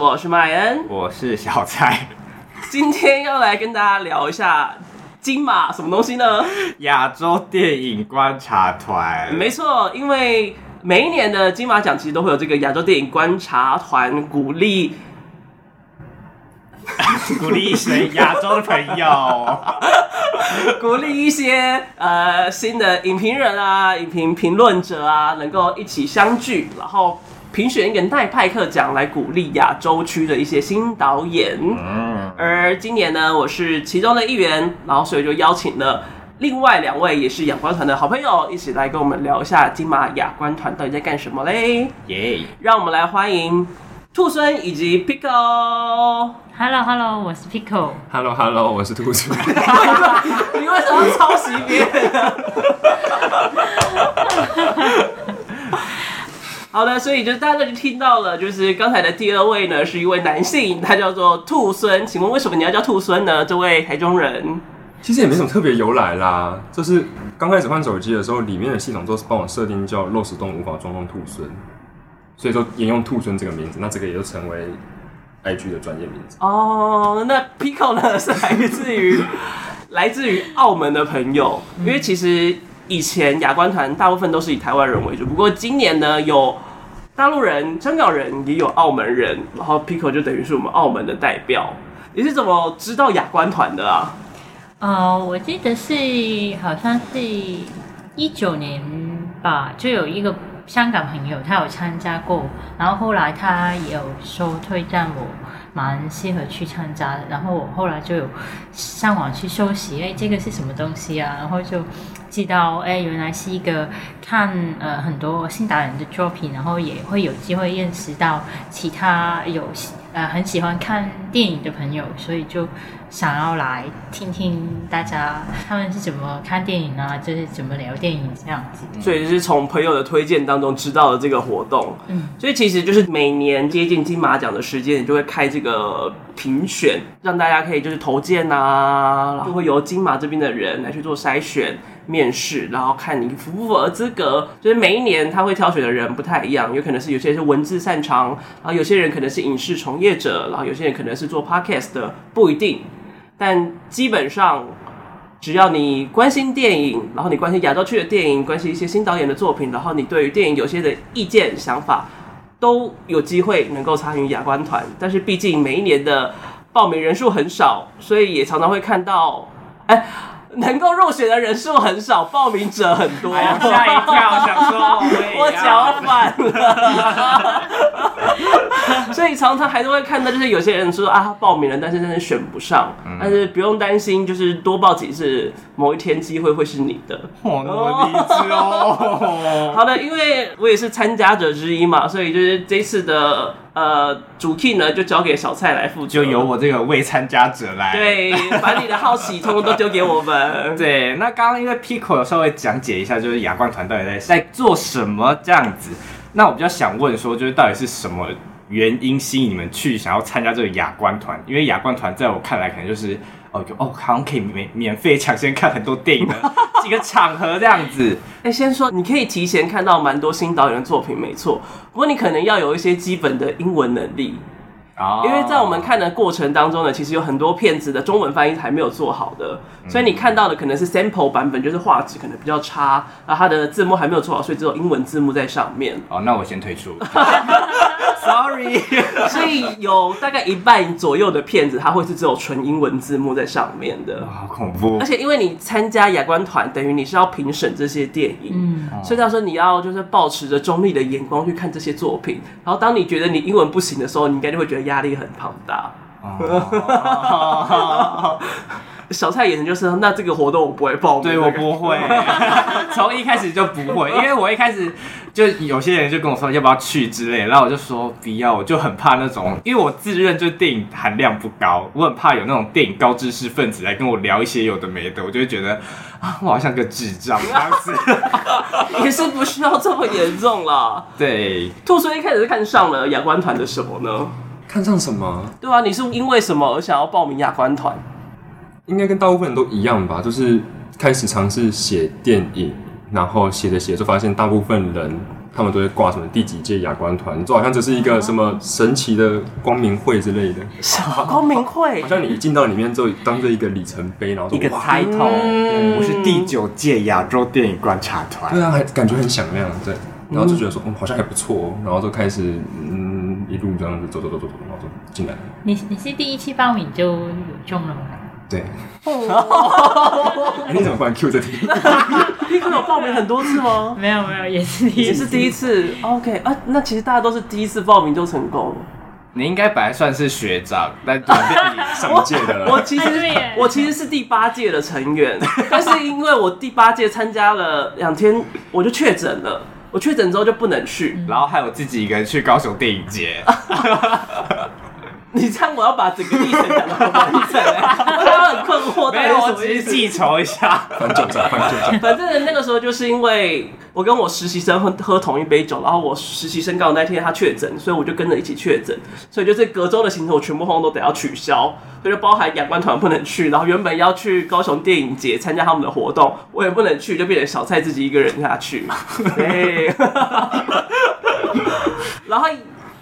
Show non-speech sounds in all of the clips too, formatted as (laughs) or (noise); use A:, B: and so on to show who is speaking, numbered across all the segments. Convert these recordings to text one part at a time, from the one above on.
A: 我是麥恩，我是小蔡。今天要來跟大家聊一下金馬什麼東西呢？亞洲電影觀察團，沒錯，因為每一年的金馬獎其實都會有這個亞洲電影觀察團鼓勵 (laughs) 鼓勵一些亞洲的朋友， (laughs) 鼓勵一些呃新的影評人啊、影評評論者啊，能夠一起相聚，然後。評選一個奈派克獎來鼓勵亞洲區的一些新導演。嗯，而今年呢，我是其中的一員，然後所以就邀請了另外兩位也是亞觀團的好朋友，一起來跟我們聊一下金馬亞觀團到底在幹什麼嘞？耶！讓我們來歡迎兔猻以及 Peeko。
B: Hello Hello，我是 Peeko。
C: Hello Hello，我是兔猻。 (laughs) (laughs) (laughs)
B: 你為什麼要抄襲
D: 別人？
A: (laughs) 好的，所以就是大家就聽到了，就是剛才的第二位呢是一位男性，他叫做兔猻，請問為什麼你要叫兔猻呢？這位台中人，
C: 其實也沒什麼特別由來啦，就是剛開始換手機的時候，裡面的系統都是幫我設定叫肉食動物無法裝裝兔猻，所以說沿用兔猻這個名字，那這個也就成為 I G 的專業名字。哦
A: ，oh, 那 Peeko 呢是來自於 (laughs) 來自於澳門的朋友，因為其實。以前亞觀團大部分都是以台灣人為主，不過今年呢有大陸人、香港人，也有澳門人。然後 Peeko 就等於是我們澳門的代表。你是怎麼知道亞觀團的
B: 啊？呃，我記得是好像是一九年吧，就有一個香港朋友他有參加過，然後後來他也有說推薦我。蠻適合去參加的，然後我後來就有上網去休息。哎，這個是什麼東西啊？然後就知道，哎，原來是一個看呃很多新導演的作品，然後也會有機會認識到其他有。呃，很喜歡看電影的朋友，所以就想要來聽聽大家他們是怎麼看電影啊，就是怎麼聊電影這樣子。對。所以就
A: 是從朋友的推薦當中知道的這個活動。嗯，所以其實就是每年接近金馬獎的時間，你就會開這個評選，讓大家可以就是投件啊，就會由金馬這邊的人來去做篩選。面試，然後看你符不符合資格，就是每一年他會挑選的人不太一樣，有可能是有些人是文字擅長，然後有些人可能是影視從業者，然後有些人可能是做 podcast 的，不一定。但基本上，只要你關心電影，然後你關心亞洲區的電影，關心一些新導演的作品，然後你對於電影有些的意見想法，都有機會能夠參與亞觀團。但是畢竟每一年的報名人數很少，所以也常常會看到，哎。能夠入選的人數很少，報名者很多。哎喲、嚇一跳， (laughs) 想說我腳反了， (laughs) (laughs) 所以常常還是會看到，就是有些人說啊，報名了，但是真的選不上。嗯、但是不用擔心，就是多報幾次，某一天機會會是你的。哦！那麼勵志哦 (laughs) 好的，因為我也是參加者之一嘛，所以就是這次的。呃，主題呢就交給小蔡來負責，就由我這個未
D: 參加者來，
A: 對，把你的好奇通通都丟給我們。 (laughs) 對，那剛剛因為 Peeko
D: 有稍微講解一下，就是亞觀團到底在在做什麼這樣子。那我比較想問說，就是到底是什麼原因吸引你們去想要參加這個亞觀團？因為亞觀團
A: 在我看來，可能就是。哦，就哦，好像可以免免費搶先看很多電影的幾個場合這樣子。哎、 (laughs) 欸，先說，你可以提前看到蠻多新導演的作品，沒錯。不過你可能要有一些基本的英文能力、哦、因為在我們看的過程當中呢，其實有很多片子的中文翻譯還沒有做好的，嗯、所以你看到的可能是 sample 版本，就是畫質可能比較差，然後它的字幕還沒有做好，所以只有英文字幕在上面。哦，那我先退出。 (laughs) (laughs) Sorry，所以有大概一半左右的片子，它會是只有純英文字幕在上面的，好恐怖。而且因為你參加亞觀團，等於你是要評審這些電影，嗯，所以到時候你要就是抱持着中立的眼光去看這些作品，然後當你覺得你英文不行的時候，你應該就會覺得壓力很龐大。 (laughs) (laughs) 小蔡眼睛就是，那這個活動我不會報名。對，我不會，
D: 從 (laughs) 一開始就不會，因為我一開始就有些人就跟我說要不要去之類，然後我就說不要，我就很怕那種，因為我自認就電影含量不高，我很怕有那種電影高知識分子來跟我聊一些有的沒的，我就會覺得啊，我好像個智
A: 障這樣子， (laughs) 也是不需要這麼嚴重了。對，兔猻一開始看上了亞觀團的什麼呢？看上什麼？對啊，你是因為什麼而想要報名亞觀團？
C: 應該跟大部分人都一樣吧，就是開始嘗試寫電影，然後寫着寫着就發現，大部分人他們都會掛什麼第幾屆亞觀團，就好像這是一個什麼神奇的光明會之類的。什麼
A: 光明會？啊啊啊、好
C: 像你一進到裡面就當做一個里程碑，然後就一個抬頭，哇對我是第九屆亞洲電影觀察團。對啊，然後還感覺很響亮，對，然後就覺得說，嗯，好像還不錯，然後就開始嗯，一路這樣子走走走走走，然後就進
B: 來了。你你是第一期報名就有中了嗎？對、
C: oh. 欸，你怎麼不能 Q 這題，你沒有 (laughs) 報
B: 名很多次嗎？沒有 (laughs) 沒有，也是也是第一
A: 次。一次 (laughs) OK，啊，那其實大家都是第一次報名就成功了。你應該本來算是學長，但轉變上屆的了。我其實 (laughs) 我其實是第八屆的成員， (laughs) 但是因為我第八屆參加了兩天，我就確診了。我確診之後就不能去，嗯、然後還有自己一個人去高雄電影節。 (laughs) 你猜我要把整個歷程講到完整？他們 (laughs) (laughs) 很困惑，但是我只是記仇一下。反正那個時候，就是因為我跟我實習生喝，喝同一杯酒，然後我實習生剛好那天他確診，所以我就跟着一起確診。所以就是隔周的行程，我全部通通都得要取消。所以就包含亞觀團不能去，然後原本要去高雄電影節參加他們的活動，我也不能去，就變成小蔡自己一個人下去嘛。 (laughs) (laughs) (laughs) 然後。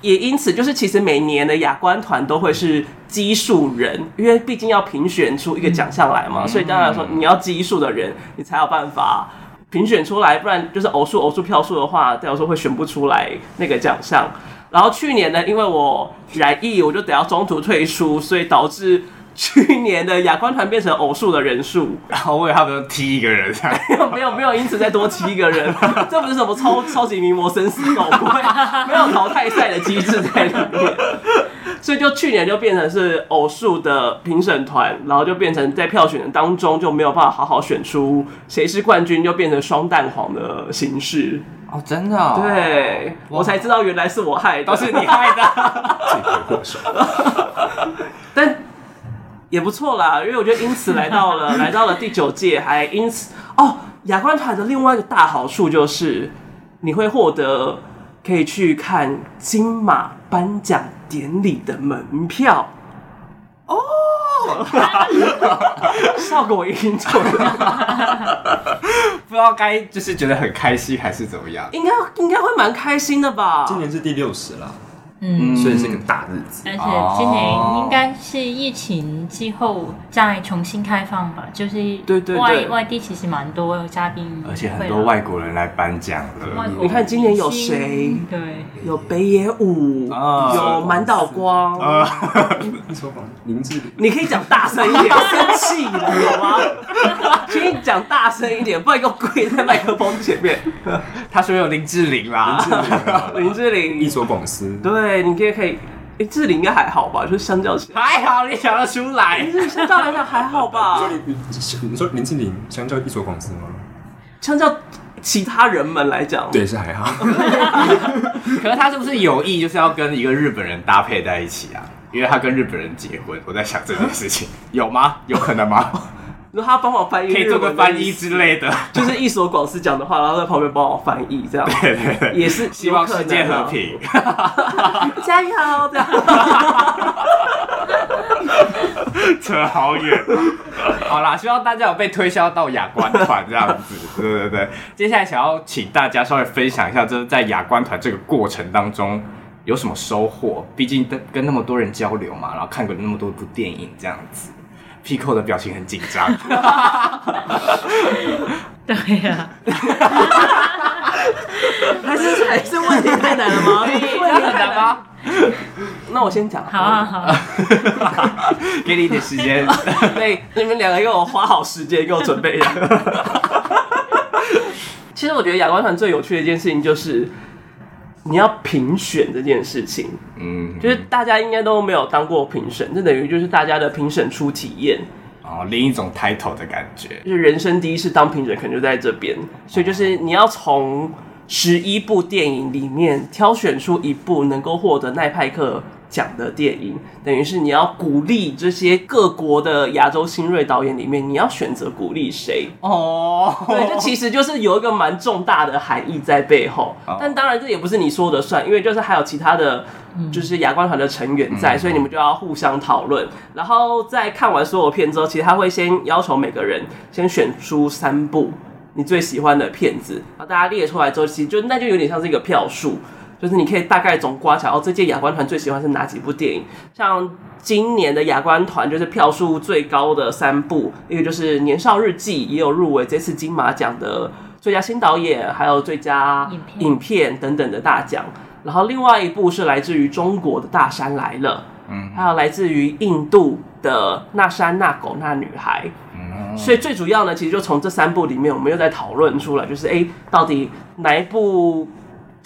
A: 也因此，就是其實每年的亞觀團都會是奇數人，因為畢竟要評選出一個獎項來嘛，所以當然說你要奇數的人，你才有辦法評選出來，不然就是偶數偶數票數的話，這樣說會選不出來那個獎項。然後去年呢，因為我染疫，我就得要中途退出，所以導致。去年的亞觀團變成偶數的人數，然後為他們踢一個人、啊 (laughs) 哎，沒有沒有沒有，因此再多踢一個人， (laughs) 這不是什麼超超級名模生死鬥， (laughs) 沒有淘汰賽的機制在裡面， (laughs) 所以就去年就變成是偶數的評審團，然後就變成在票選當中就沒有辦法好好選出誰是冠軍，就變成雙蛋黃的形式、oh,
D: 的哦，真的，對，我，
A: 我才知道原來是我害的， (laughs) 都是你害的，罪魁禍首，但。也不錯啦，因為我覺得因此來到了 (laughs) 來到了第九屆，還因此哦，亞觀團的另外一個大好處就是你會獲得可以去看金馬頒獎典禮的門票哦，效果一定重要，
D: 不知道該就是覺得很開心還是怎麼樣，
A: 應該應該會蠻開心的吧，今年是
D: 第
C: 六十了。嗯，所以是個大日子，而且今年應該
B: 是疫情之後再重新開放吧，就是外外地其實蠻多嘉賓，而且很多
D: 外國人來頒獎了。你看今年有誰？對，
A: 有北野武，有滿島光，役所廣司，林志玲，你可以講大聲一點，生氣了有嗎？請你講大聲一點，不然給我跪在麥克風前面。他說有林志玲啦，林志玲，
C: 役所廣司，
A: 對。欸、你也可以，志、欸、玲應該還好吧？就是、相較起來，還好，你講得出來。欸、就是、相較來講，還好吧。
C: 你說林志玲相較一所公司嗎？
A: 相較
C: 其他人們來講，對是還好。
A: (laughs) (laughs) 可是他是不
D: 是有意，就是要跟一個日本人搭配在一起啊？因為他跟日本人結婚，我在想這件事情，有嗎？有可能嗎？ (laughs)
A: 他幫我翻譯，可以做個翻譯之類的，就是一所廣司講的話，然後在旁邊幫我翻譯，這樣對對對，也是希望世界和平 (laughs) 加。加油！
D: 好，這樣扯好遠。 (laughs) 好啦，希望大家有被推銷到亞觀團這樣子， (laughs) 對對對。接下來想要請大家稍微分享一下，就是在亞觀團這個過程當中有什麼收穫？畢竟跟跟那麼多人交流嘛，然後看過那麼多部電影這樣子。p i 的表情很緊張。對
A: 呀，還是還是問題太難了嗎？問題很難嗎？那我先講。好啊好。啊給你一點時間。對，你們兩個給我花好時間，給我準備一下。其實我覺得亞光團最有趣的一件事情就是，你要評選這件事情，嗯哼，就是大家應該都沒有當過評審，這等於就是大家的評審初體驗哦，另一種抬頭的感覺，就是人生第一次當評審可能就在這邊，所以就是你要從十一部電影裡面挑選出一部能夠獲得奈派克。講的電影，等於是你要鼓勵這些各國的亞洲新銳導演裡面，你要選擇鼓勵誰哦？Oh. 對，這其實就是有一個蠻重大的含義在背後。但當然這也不是你說的算，因為就是還有其他的，就是亞觀團的成員在，所以你們就要互相討論。然後在看完所有片之後，其實他會先要求每個人先選出三部你最喜歡的片子，大家列出來之後，其實那就有點像是一個票數。就是你可以大概總括起來哦，這屆亞觀團最喜歡是哪幾部電影？像今年的亞觀團就是票數最高的三部，一個就是《年少日記》，也有入圍這次金馬獎的最佳新導演，還有最佳影片等等的大獎。然後另外一部是來自於中國的大山來了，嗯，還有來自於印度的那山那狗那女孩，嗯。所以最主要呢，其實就從這三部裡面，我們又在討論出來，就是哎、欸，到底哪一部？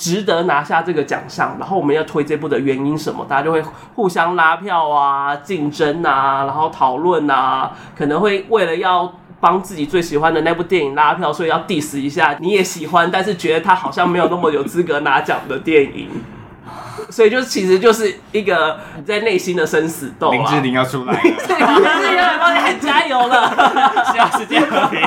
A: 值得拿下這個獎項，然後我們要推這部的原因什麼，大家就會互相拉票啊，競爭啊，然後討論啊，可能會為了要幫自己最喜歡的那部電影拉票，所以要 diss 一下你也喜歡，但是覺得他好像沒有那麼有資格拿獎的電影，所以就其實就是一個在內心的生死鬥。林志玲要出來 (laughs) 對，林志玲要幫你喊加油了，需要見，和平 (laughs)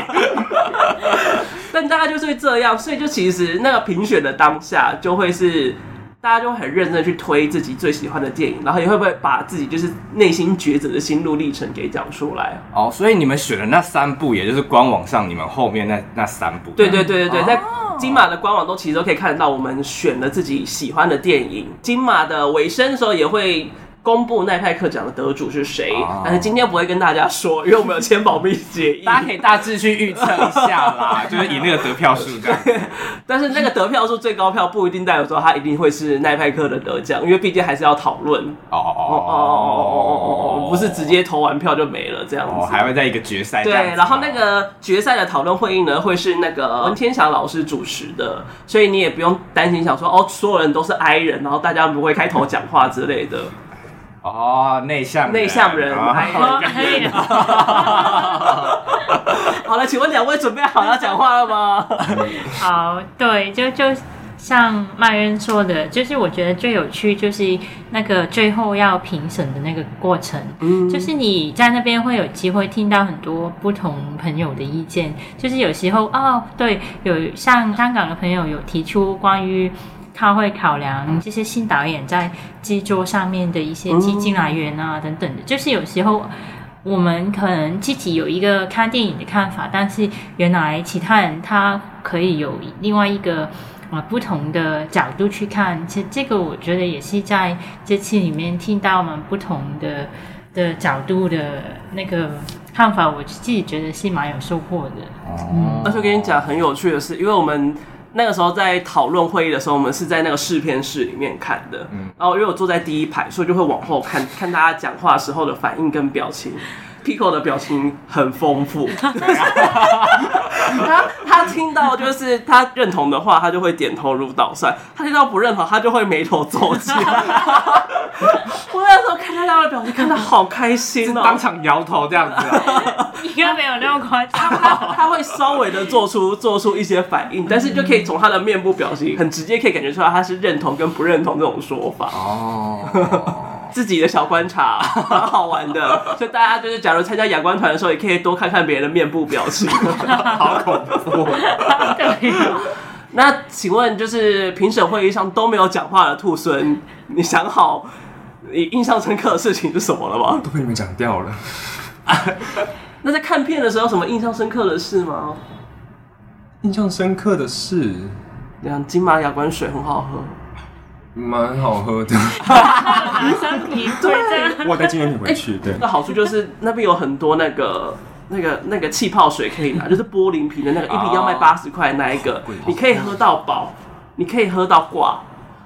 A: 但大家就是會這樣，所以就其實那個評選的當下，就會是大家就會很認真去推自己最喜歡的電影，然後也會不會把自己就是內心抉擇的心路歷程給講出來
D: 哦。所以你們選的那三部，也就是官網上你們後面那那三
A: 部，對對對對對，哦、在金馬的官網都其實都可以看得到我們選了自己喜歡的電影。金馬的尾聲的時候也會，公布奈派克獎的得主是誰？哦、但是今天不會跟大家說，因為我們有簽保密協議。 (laughs) 大家可以大致去預測一下啦， (laughs) 就是
D: 以那個得票數這
A: 樣。 (laughs) 但是那個得票數最高票不一定代表說他一定會是奈派克的得獎，因為畢竟還是要討論，哦哦。哦哦哦哦哦哦哦哦哦！哦哦哦不是直接投完票就沒了這樣子，哦、還會在一
D: 個決賽。對，
A: 然後那個決賽的討論會議呢，會是那個文天祥老師主持的，所以你也不用擔心，想說哦，所有人都是 I 人，然後大家不會開頭講話之類的。 (laughs) 哦，內向內向人，
B: 好，可以的。好了，請問兩位準備好 (laughs) 要講話了嗎？好 (laughs) ，oh, 對，就就像麥恩說的，就是我覺得最有趣就是那個最後要評審的那個過程，嗯，mm. 就是你在那邊會有機會聽到很多不同朋友的意見，就是有時候哦，oh, 對，有像香港的朋友有提出關於。他會考量這些新導演在制作上面的一些基金來源啊等等的，就是有時候我們可能自己有一個看電影的看法，但是原來其他人他可以有另外一個啊不同的角度去看，其實這個我覺得也是在這期裡面聽到我們不同的的角度的那個看法，我自己覺得是蠻有收穫的。嗯，而且我跟你講
A: 很有趣的是，因為我們。那個時候在討論會議的時候，我們是在那個試片室裡面看的，嗯，然後因為我坐在第一排，所以就會往後看看大家講話時候的反應跟表情。Pico 的表情很豐富，啊、 (laughs) 他他聽到就是他認同的話，他就會點頭如搗蒜；他聽到不認同，他就會眉頭皺起。 (laughs) (laughs) 我那
B: 時候看他他的表情，
A: 看到好開心、喔，當場搖頭這樣子、
B: 喔。該 (laughs) 沒有那麼誇張，
A: (laughs) 他會稍微的做出做出一些反應，但是就可以從他的面部表情很直接可以感覺出來，他是認同跟不認同這種說法哦。Oh. 自己的小觀察，很好玩的。 (laughs) 所以大家就是，假如參加亞觀團的時候，也可以多看看別人的面部表情， (laughs) 好恐怖。 (laughs) (laughs) (laughs) 那請問，就是評審會議上都沒有講話的兔猻，你想好你印象深刻的事情是什麼了嗎？
C: 都被你們講掉了。
A: (laughs) (laughs) 那在看片的時候，有什麼印象深刻的事嗎？
C: 印象深刻的是，兩金馬亞觀水很好喝。蠻好喝的，
A: 哈哈，
C: 我帶紀念品回去，對。那
A: 好處就是那邊有很多那個、那個、那個氣泡水可以拿，就是玻璃瓶的那個，哦、一瓶要賣八十塊那一個，哦、你可以喝到飽，鬼你可以喝到掛。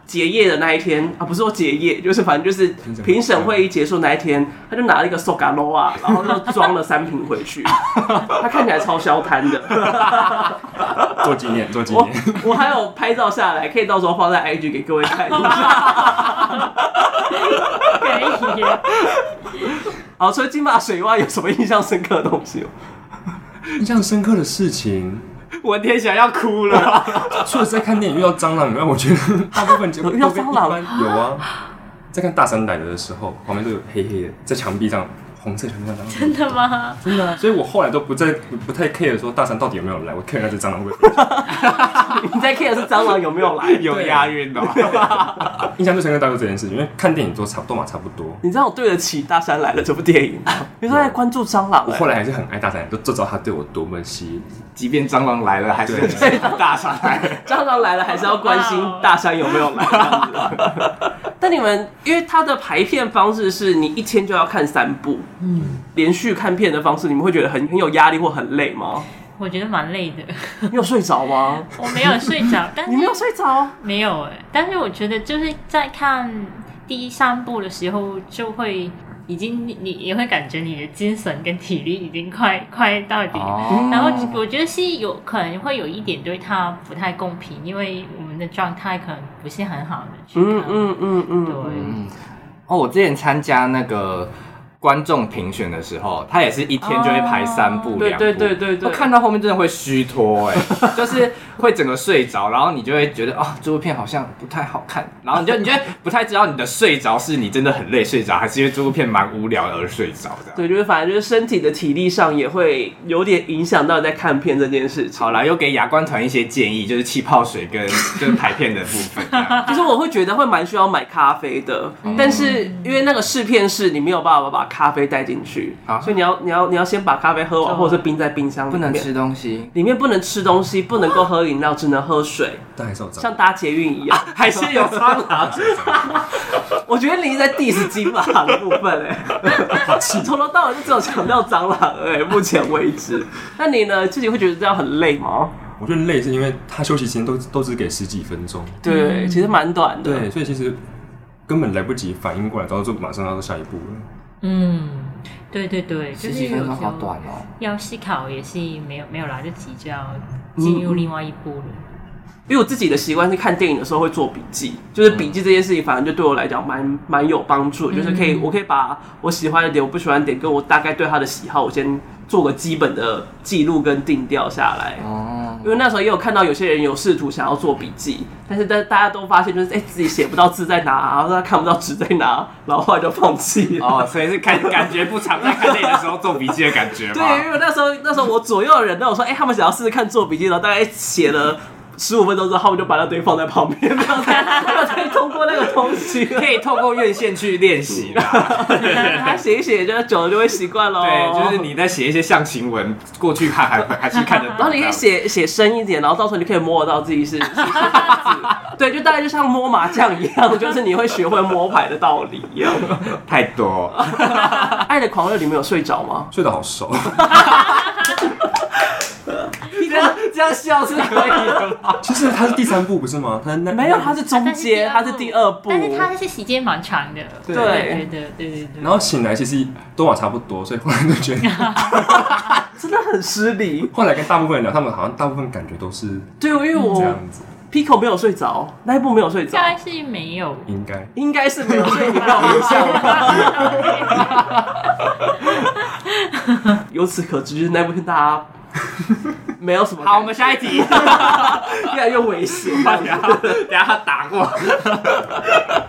A: 結業的那一天啊，不是說結業，就是反正就是評審會議結束那一天，他就拿了一個 Sogaloa，然後就裝了三瓶回去，他看起來超消貪的，
C: 做紀念做紀念，
A: 我還有拍照下來，可以到時候放在 IG 給各位看一下，給你 (laughs) 好，所以金馬
C: 水蛙有什麼印象深刻的東西？印象深刻的事情。我天，想要哭了！ (laughs) 除了在看電影遇到蟑螂以外，我覺得大部分節目有蟑螂。有啊，在看《大山來了》的的時候，旁邊都有黑黑的在牆壁上。紅色蒼蠅蟑螂真的嗎？真的，所以我後來都不再不，不太 care 說大山到底有沒有來，我 care 那隻蟑螂為什麼。 (laughs) 你在 care 是蟑螂有沒有來，對，有押韻的。 (laughs) 印象最深刻大概這件事情，因為看電影都差不多嘛，差不多。你知道我對得起大山來了這部電影。啊，
A: 你說在關注蟑螂，我後來還是
C: 很愛大山，都知道他對我多麼吸引。即便蟑螂來了，還
A: 是大山來。蟑螂來了還是要關心大山有沒有來。 (laughs) 但你們因為它的排片方式是，你一天就要看三部。嗯，連續看片的方式，你們會覺得很很有壓力或很累嗎？
B: 我覺得蠻累的。 (laughs) 你有睡着嗎？我沒有睡着，但是 (laughs) 你沒有睡着？沒有、欸。但是我覺得就是在看第三部的時候，就會已經你也會感覺你的精神跟體力已經快快到底。哦。然後我覺得是有可能會有一點對他不太公平，因為我們的狀態可能不是很好的去看。
D: 嗯嗯嗯嗯，嗯嗯嗯對。哦，我之前參加那個。觀眾評選的時候，他也是一天就會排三部兩部，oh, 步對對對對，我看到後面真的會虛脫哎， (laughs) 就是會整個睡着，然後你就會覺得哦，這部片好像不太好看，然後你就你就不太知道你的睡着是你真的很累睡着，還是因為這部片蠻無聊而睡着的。
A: 對，就是反正就是身體的體力上也會有點影響到你在看片這件事情。好啦，又給亞觀團一些建議，就是氣泡水跟就是排片的部分， (laughs) 就是我會覺得會蠻需要買咖啡的，嗯、但是因為那個試片室你沒有辦法把把咖啡帶進去，所以你要你要你要先把咖啡喝完，或者是冰在冰箱面。不能吃東西，裡面不能吃東西，不能夠喝飲料，只能喝水。但是像搭捷運一樣，還是有蟑螂。我覺得你在第十 s s 的部分始從頭到尾只有強調蟑螂哎，目前為止。那你呢？自己會覺得這樣很累嗎？我
C: 覺得累是因為他休息時間都都只給十幾分鐘，對，其實
A: 蠻短的。對，
C: 所以其實根本來不及反應過來，然後就馬上要下一步了。
B: 嗯，對對對，就是有就要思考，也是沒有沒有來得及就要進入另外一步了，嗯。因
A: 為我自己的習慣是看電影的時候會做筆記，就是筆記這件事情，反正就對我來講蠻蠻有幫助，就是可以我可以把我喜歡的點、我不喜歡的點，跟我大概對他的喜好，我先。做個基本的記錄跟定調下來，哦，因為那時候也有看到有些人有試圖想要做筆記，但是在大家都發現就是哎、欸、自己寫不到字在哪，然後看不到紙在哪，然後後來就放棄。哦，所以是看，感覺不常在看電影的時候做筆記的感覺。 (laughs) 對，因為那時候那時候我左右的人都有說，哎、欸，他們想要試試看做筆記，然後大家寫了。十五分鐘之後，我就把那堆放在旁邊。然後可以通過那個東西， (laughs) 可以透過院線去練習。寫、嗯、 (laughs) 一寫，就久了就會習慣了。對，就是你
D: 在寫一些象形文，過去看還還是看得到 (laughs) 然後
A: 你可以寫寫深一點，然後到時候你可以摸得到自己是。對，就大概就像摸麻將一樣，就是你會學會摸牌的道理一樣。太多。 (laughs) 愛的狂熱裡面有睡
C: 着嗎？睡得好熟。 (laughs)
A: 這樣笑
B: 是可
C: 以的。其實它是第三部不是嗎？沒有，它
B: 是中間，它是第二部。但是它那是時間蠻長的。對對對對對。
C: 然後醒來其實都嘛差不多，所以後來就覺得真的很失禮。後來跟大部分人聊，他們好像大部分感覺都是對，因為我這樣子，Peeko 沒有睡着，那一部沒有睡
B: 着，應該是沒有，
C: 應
A: 該應該是沒有睡着。由此可知，那部跟大家。沒有什麼好。我們下一題，越來越危險，然家 (laughs) (laughs) 打過。
D: (laughs)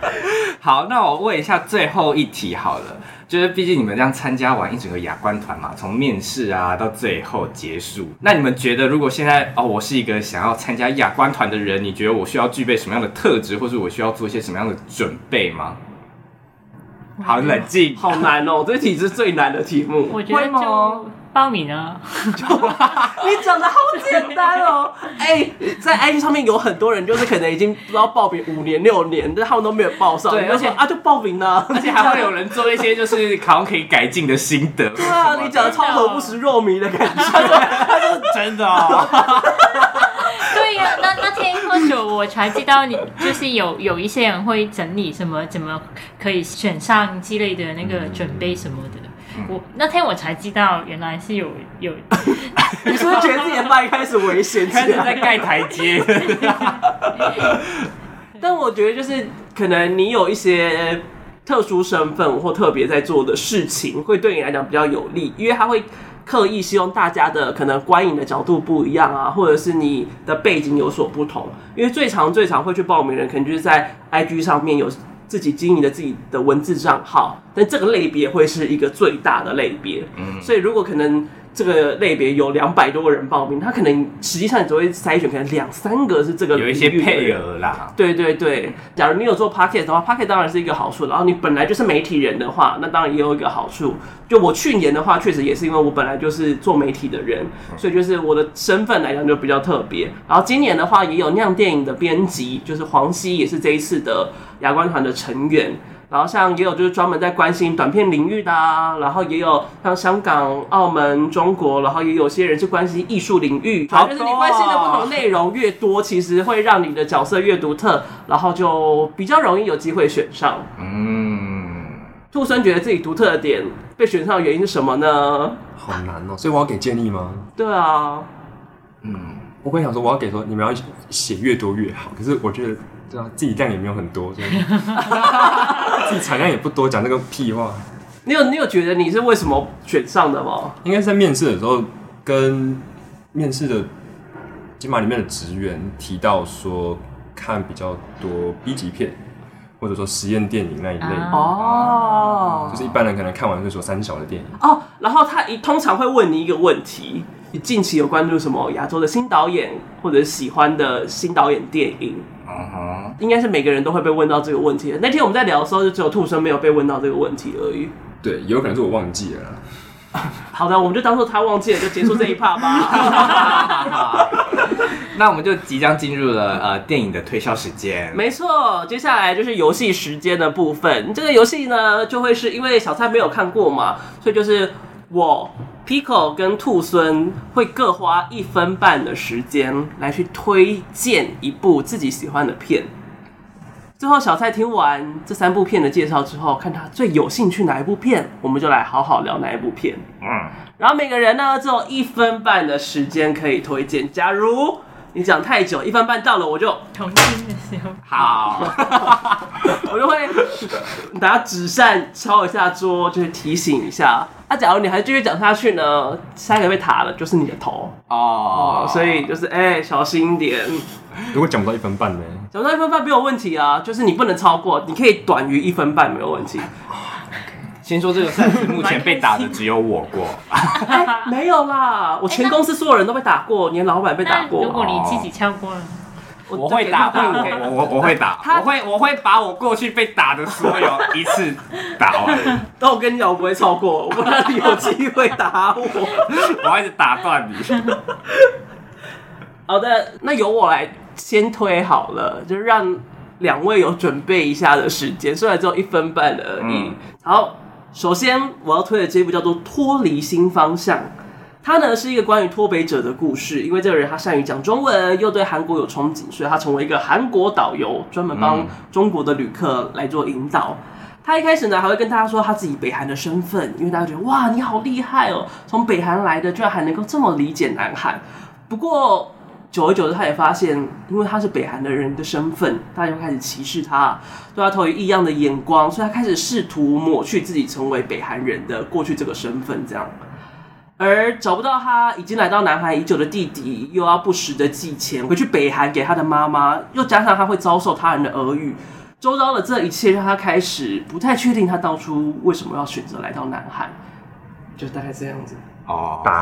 D: (laughs) 好，那我問一下最後一題好了，就是畢竟你們這樣參加完一整個亞觀團嘛，從面試啊到最後結束，那你們覺得如果現在哦，我是一個想要參加亞觀團的人，你覺得我需要具備什麼樣的特質，或是我需要做一些什麼樣的準備嗎？好，冷靜，好難哦， (laughs) 這題是最難的題目，我覺
B: 得。報名啊！ (laughs) 你講的好簡單哦。
A: 哎、欸，在 IG 上面有很多人，就是可能已經不知道報名五年六年，但他們都沒有報上。對，而且說啊，就報名呢，而且還會有人做
D: 一些就是好像可以改進的心得。 (laughs) 對
A: 啊，你講的超何不食肉糜的感覺。嗎 (laughs) 真的、喔、 (laughs) 對啊！
B: 對呀，那那天喝酒我才知道你，你就是有有一些人會整理什麼，怎麼可以選上之類的那個準備什麼的。我那天我才知道，原來是有有。
A: 你是不是覺得自己的麥開始危險，開始在蓋台階？
B: 但我覺得就是
A: 可能你有一些特殊身份或特別在做的事情，會對你來講比較有利，因為他會刻意希望大家的可能觀影的角度不一樣啊，或者是你的背景有所不同。因為最常最常會去報名的人，可能就是在 IG 上面有。自己經營的自己的文字賬號，但這個類別會是一個最大的類別，嗯，所以如果可能。這個類別有兩百多個人報名，他可能實際上你只會篩選可能兩三個是這個有一些配額啦。對對對，假如你有做 Podcast 的話 Podcast 當然是一個好處。然後你本來就是媒體人的話，那當然也有一個好處。就我去年的話，確實也是因為我本來就是做媒體的人，所以就是我的身份來講就比較特別。然後今年的話，也有釀電影的編輯，就是黃希，也是這一次的亞觀團的成員。然後像也有就是專門在關心短片領域的，然後也有像香港、澳門、中國，然後也有些人是關心藝術領域。就、oh, 是你關心的不同內容越多，其實會讓你的角色越獨特，然後就比較容易有機會選上。嗯，兔猻覺得自己獨特的點被選上的原因是什麼
C: 呢？好難哦，所以我要給建議嗎？對啊，嗯，我會想說我要給說你們要寫越多越好，可是我覺得。對啊，自己量也沒有很多， (laughs) 自己產量也不多，講那個屁話。你有你有覺得你是為什麼
A: 選上的嗎？
C: 應該是在面試的時候，跟面試的金馬裡面的職員提到說，看比較多 B 級片，或者說實驗電影那一類哦、oh. 啊。
A: 就是
C: 一般人可能看完就說三小的電
A: 影哦。Oh, 然後他一通常會問你一個問題。近期有關注什麼亞洲的新導演，或者喜歡的新導演電影？嗯、uh huh. 應該是每個人都會被問到這個問題的。那天我們在聊的時候，就只有兔猻沒有被問到這個問題而已。
C: 對，有可能是我忘記了。
A: (laughs) 好的，我們就當做他忘記了，就結束這一趴吧。
D: 那我們就即將進入了呃電影的推銷時間。
A: 沒錯，接下來就是遊戲時間的部分。這個遊戲呢，就會是因為小蔡沒有看過嘛，所以就是我。Peeko 跟兔猻會各花一分半的時間來去推薦一部自己喜歡的片，最後小蔡聽完這三部片的介紹之後，看他最有興趣哪一部片，我們就來好好聊哪一部片。嗯，然後每個人呢，只有一分半的時間可以推薦。假如你講太久，一分半到了，我就重新開始。好， (laughs) (laughs) 我就會拿紙扇敲一下桌，就是提醒一下。那、啊、假如你還繼續講下去呢？下一個被塔了就是你的頭哦。Oh. 所以就是哎、欸，小心一點。
C: 如果講不到一分半呢？
A: 講不到一分半沒有問題啊，就是你不能超過，你可以短於一分半沒有問題。先說這個賽事，目前被打的只有我過、 (laughs) 哎，沒有啦，我全公司所有人都被打過，連老板被打過。如果你自己敲過、oh, 我，我會打，我我他 我會
D: 打，我會我會把我過去被
A: 打的所有一次打完。但我跟你講，我不會超過，我要有機會打我， (laughs) 我還是打斷你。 (laughs) 好的，那由我來先推好了，就讓兩位有準備一下的時間，雖然只有一分半而已，嗯、好。首先，我要推的這部叫做《脫離新方向》，它呢是一個關於脫北者的故事。因為這個人他善於講中文，又對韓國有憧憬，所以他成為一個韓國導遊，專門幫中國的旅客來做引導。嗯、他一開始呢還會跟大家說他自己北韓的身份，因為大家覺得哇，你好厲害哦，從北韓來的居然還能夠這麼理解南韓。不過。久而久之，他也發現，因為他是北韓的人的身份，大家就開始歧視他，對他投以異樣的眼光，所以他開始試圖抹去自己成為北韓人的過去這個身份，這樣。而找不到他已經來到南韓已久的弟弟，又要不時的寄錢回去北韓給他的媽媽，又加上他會遭受他人的耳語，周遭的這一切讓他開始不太確定他當初為什麼要選擇來到南韓，就大概這樣子。哦，oh,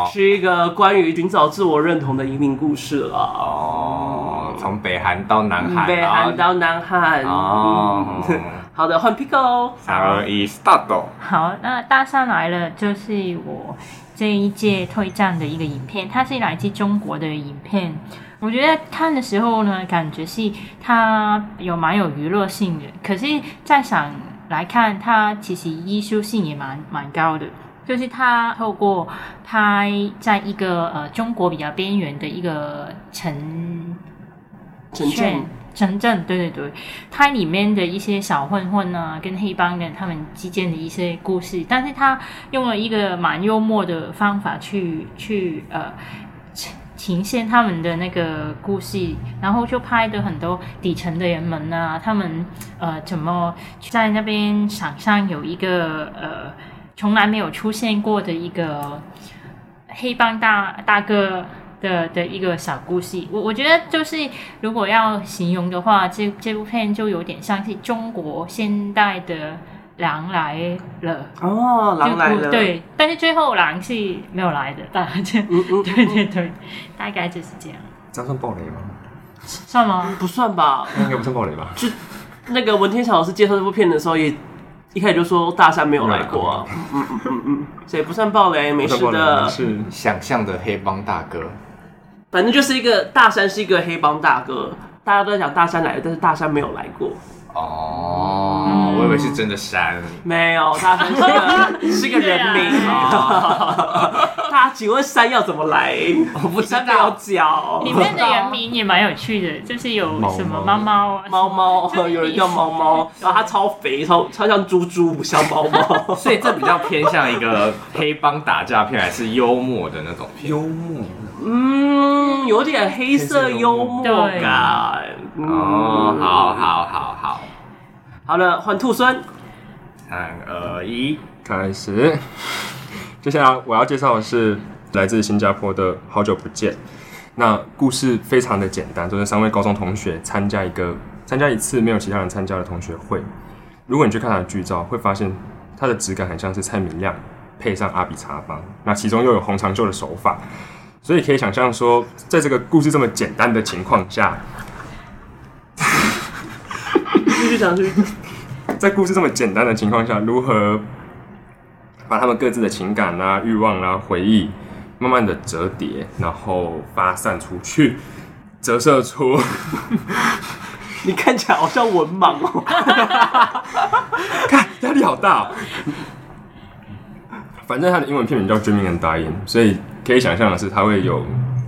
A: oh, 是一個關於尋找自我認同的移民故事了。哦，從北韓到南
D: 韓，北韓到
B: 南韓。哦，oh.
D: oh.
B: 好的，換皮 p 三
D: 二一，start。
B: 好，well, 那搭上來了，就是我這一屆推薦的一個影片，它是來自中國的影片。我覺得看的時候呢，感覺是它有蠻有娛樂性的，可是，在想。來看，他其實藝術性也蠻蠻高的，就是他透過拍在一個呃中國比較邊緣的一個城，城鎮，城鎮，對對對，他裡面的一些小混混啊，跟黑幫人他們之間的一些故事，嗯、但是他用了一個蠻幽默的方法去去呃。呈現他們的那個故事，然後就拍的很多底層的人們啊，他們呃怎麼在那邊想像，有一個呃從來沒有出現過的一個黑幫大大哥的的一個小故事。我我覺得就是如果要形容的話，這這部片就有點像是中國現代的。狼來了哦，oh, 狼來了對，但是最後狼是沒有來的，大概就嗯嗯對對對，嗯嗯嗯、大概就是這樣。
C: 這樣算暴雷嗎？
B: 算嗎、
A: 嗯？不算吧，應該不算暴雷吧。就那個文天祥老師介紹這部片的時候，也一開始就說大山沒有來過、啊，所以、嗯嗯嗯嗯嗯、不算暴雷，沒事的。是想象的黑幫大哥，反正就是一個大山是一個黑幫大哥，大家都在講大山來了，但是大山沒有來過。
D: 哦，我以為是真的山。
A: 沒有，他是個是個人名。他，請問山要怎麼來？我不知道要教。裡面的原名也蠻有趣的，就是有什麼貓貓貓貓，有人叫貓貓，然後它超肥，超超像豬豬，
D: 不像貓貓，所以這比較偏向一個黑幫打架片，還是幽默的
C: 那種？幽默。嗯。
A: 有點黑色幽默
C: 感哦，好好好好，
A: 好了，換兔猻，
C: 三二一，開始。接下來我要介紹的是來自新加坡的《好久不見》。那故事非常的簡單，就是三位高中同學參加一個參加一次沒有其他人參加的同學會。如果你去看他的劇照，會發現他的質感很像是蔡明亮配上阿比查邦，那其中又有洪尚秀的手法。所以可以想象說，在這個故事這麼簡單的情況下，繼續去，在故事這麼簡單的情況下，如何把他們各自的情感啊慾望啊回憶，慢慢的折疊，然後發散出去，折射出你看起來好像文盲哦 (laughs) 看，看壓力好大哦。反正他的英文片名叫《Dreaming and Dying》所以可以想象的是，他會有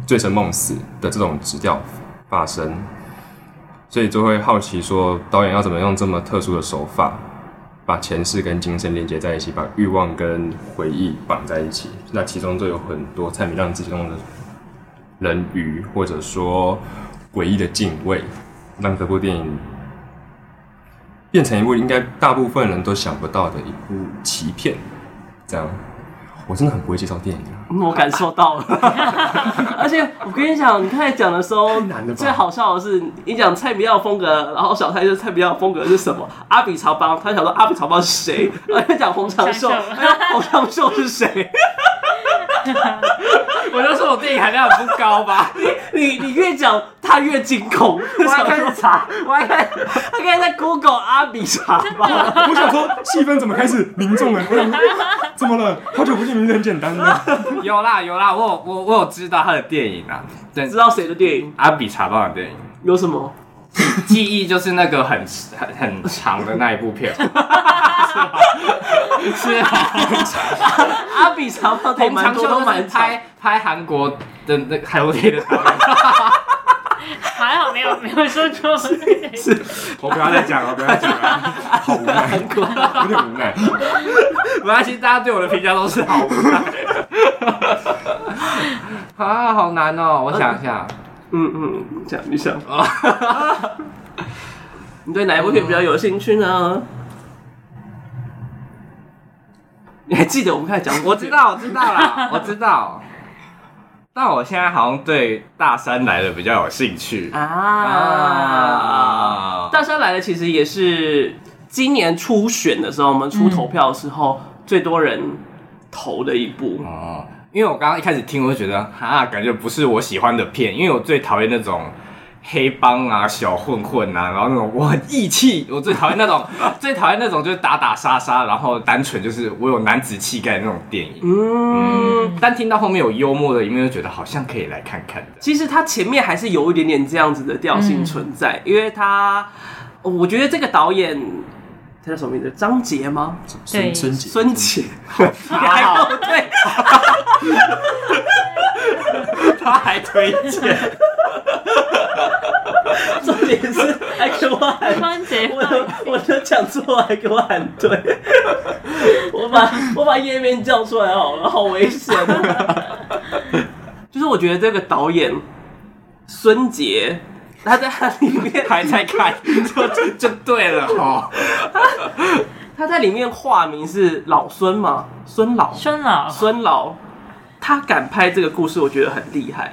C: 醉生夢死的這種基調發生，所以就會好奇說，導演要怎麼用這麼特殊的手法，把前世跟今生連接在一起，把欲望跟回憶綁在一起？那其中就有很多蔡明亮自己用的人魚，或者說詭異的敬畏，讓、那、這個、部電影變成一部應該大部分人都想不到的一部奇片。這樣，我真的很不會介紹電
A: 影、啊嗯。我感受到了，啊、 (laughs) 而且我跟你講，你剛才講的時候，最好笑的是，你講蔡明亮風格，然後小蔡就蔡明亮風格是什麼？ (laughs) 阿比查邦，他想說阿比查邦是誰？ (laughs) 然後他講洪常秀，洪常秀是誰？ (laughs) (laughs) 我就說我電影含量不高吧， (laughs) 你你你越講他越驚恐， (laughs) 始我還開始查， (laughs) 我還還開始在,在 Google 阿比查
D: 邦 (laughs) 我，我想說
C: 戲份怎麼開始凝重了？怎麼了？好久不見，你很簡單了。
D: (laughs) 有啦有啦，我有我我有知道他的電影啊，知道誰的電影？阿比查邦的電影有什麼？記憶就是那個很很很長的那一部片，是啊。
A: 阿比長胖的很蠻拍
D: 拍韓國的那海貼的，還好沒有沒有
A: 說出，是，
D: 我不要再講了，不要再講了，好無奈，有點無奈，沒關係，大家對我的評價都是好無
A: 奈，啊，好難哦，我想一下。嗯嗯，講、嗯、你想啊，哦、 (laughs) 你對哪一部片比較有興趣呢？嗯、你還記得我們剛才講？ (laughs) 我知道，我知道啦，我知道。
D: 但我現在好像對《大山來了》比較有興趣啊！
A: 啊《大山來了》其實也是今年初選的時候，我們出投票的時候、嗯、最多人投的一部、嗯因為我剛剛一開始
D: 聽，我就覺得啊，感覺不是我喜歡的片，因為我最討厭那種黑幫啊、小混混啊，然後那種我很義氣，我最討厭那種， (laughs) 最討厭那種就是打打殺殺，然後單純就是我有男子氣概那種電影。
C: 嗯，
D: 嗯，但聽到後面有幽
A: 默的一面，又覺得好像可以來看看的。其實它前面還是有一點點這樣子的調性存在，嗯、因為它，我覺得這個導演。他叫什麼名字？張杰嗎？什麼孫？對，孫杰潔。孫杰潔，他還推薦。他重點是還給我喊，潔我的，我講錯 (laughs) 還給我喊對。我把我把頁面叫出來好了，好危險。 (laughs) 就是我覺得這個導演孫杰。孫他在裡面還在看，就就對了哦。他在裡面化名是老孫嘛？孫老，孫老，孫老，他敢拍這個故事，我覺得很厲害，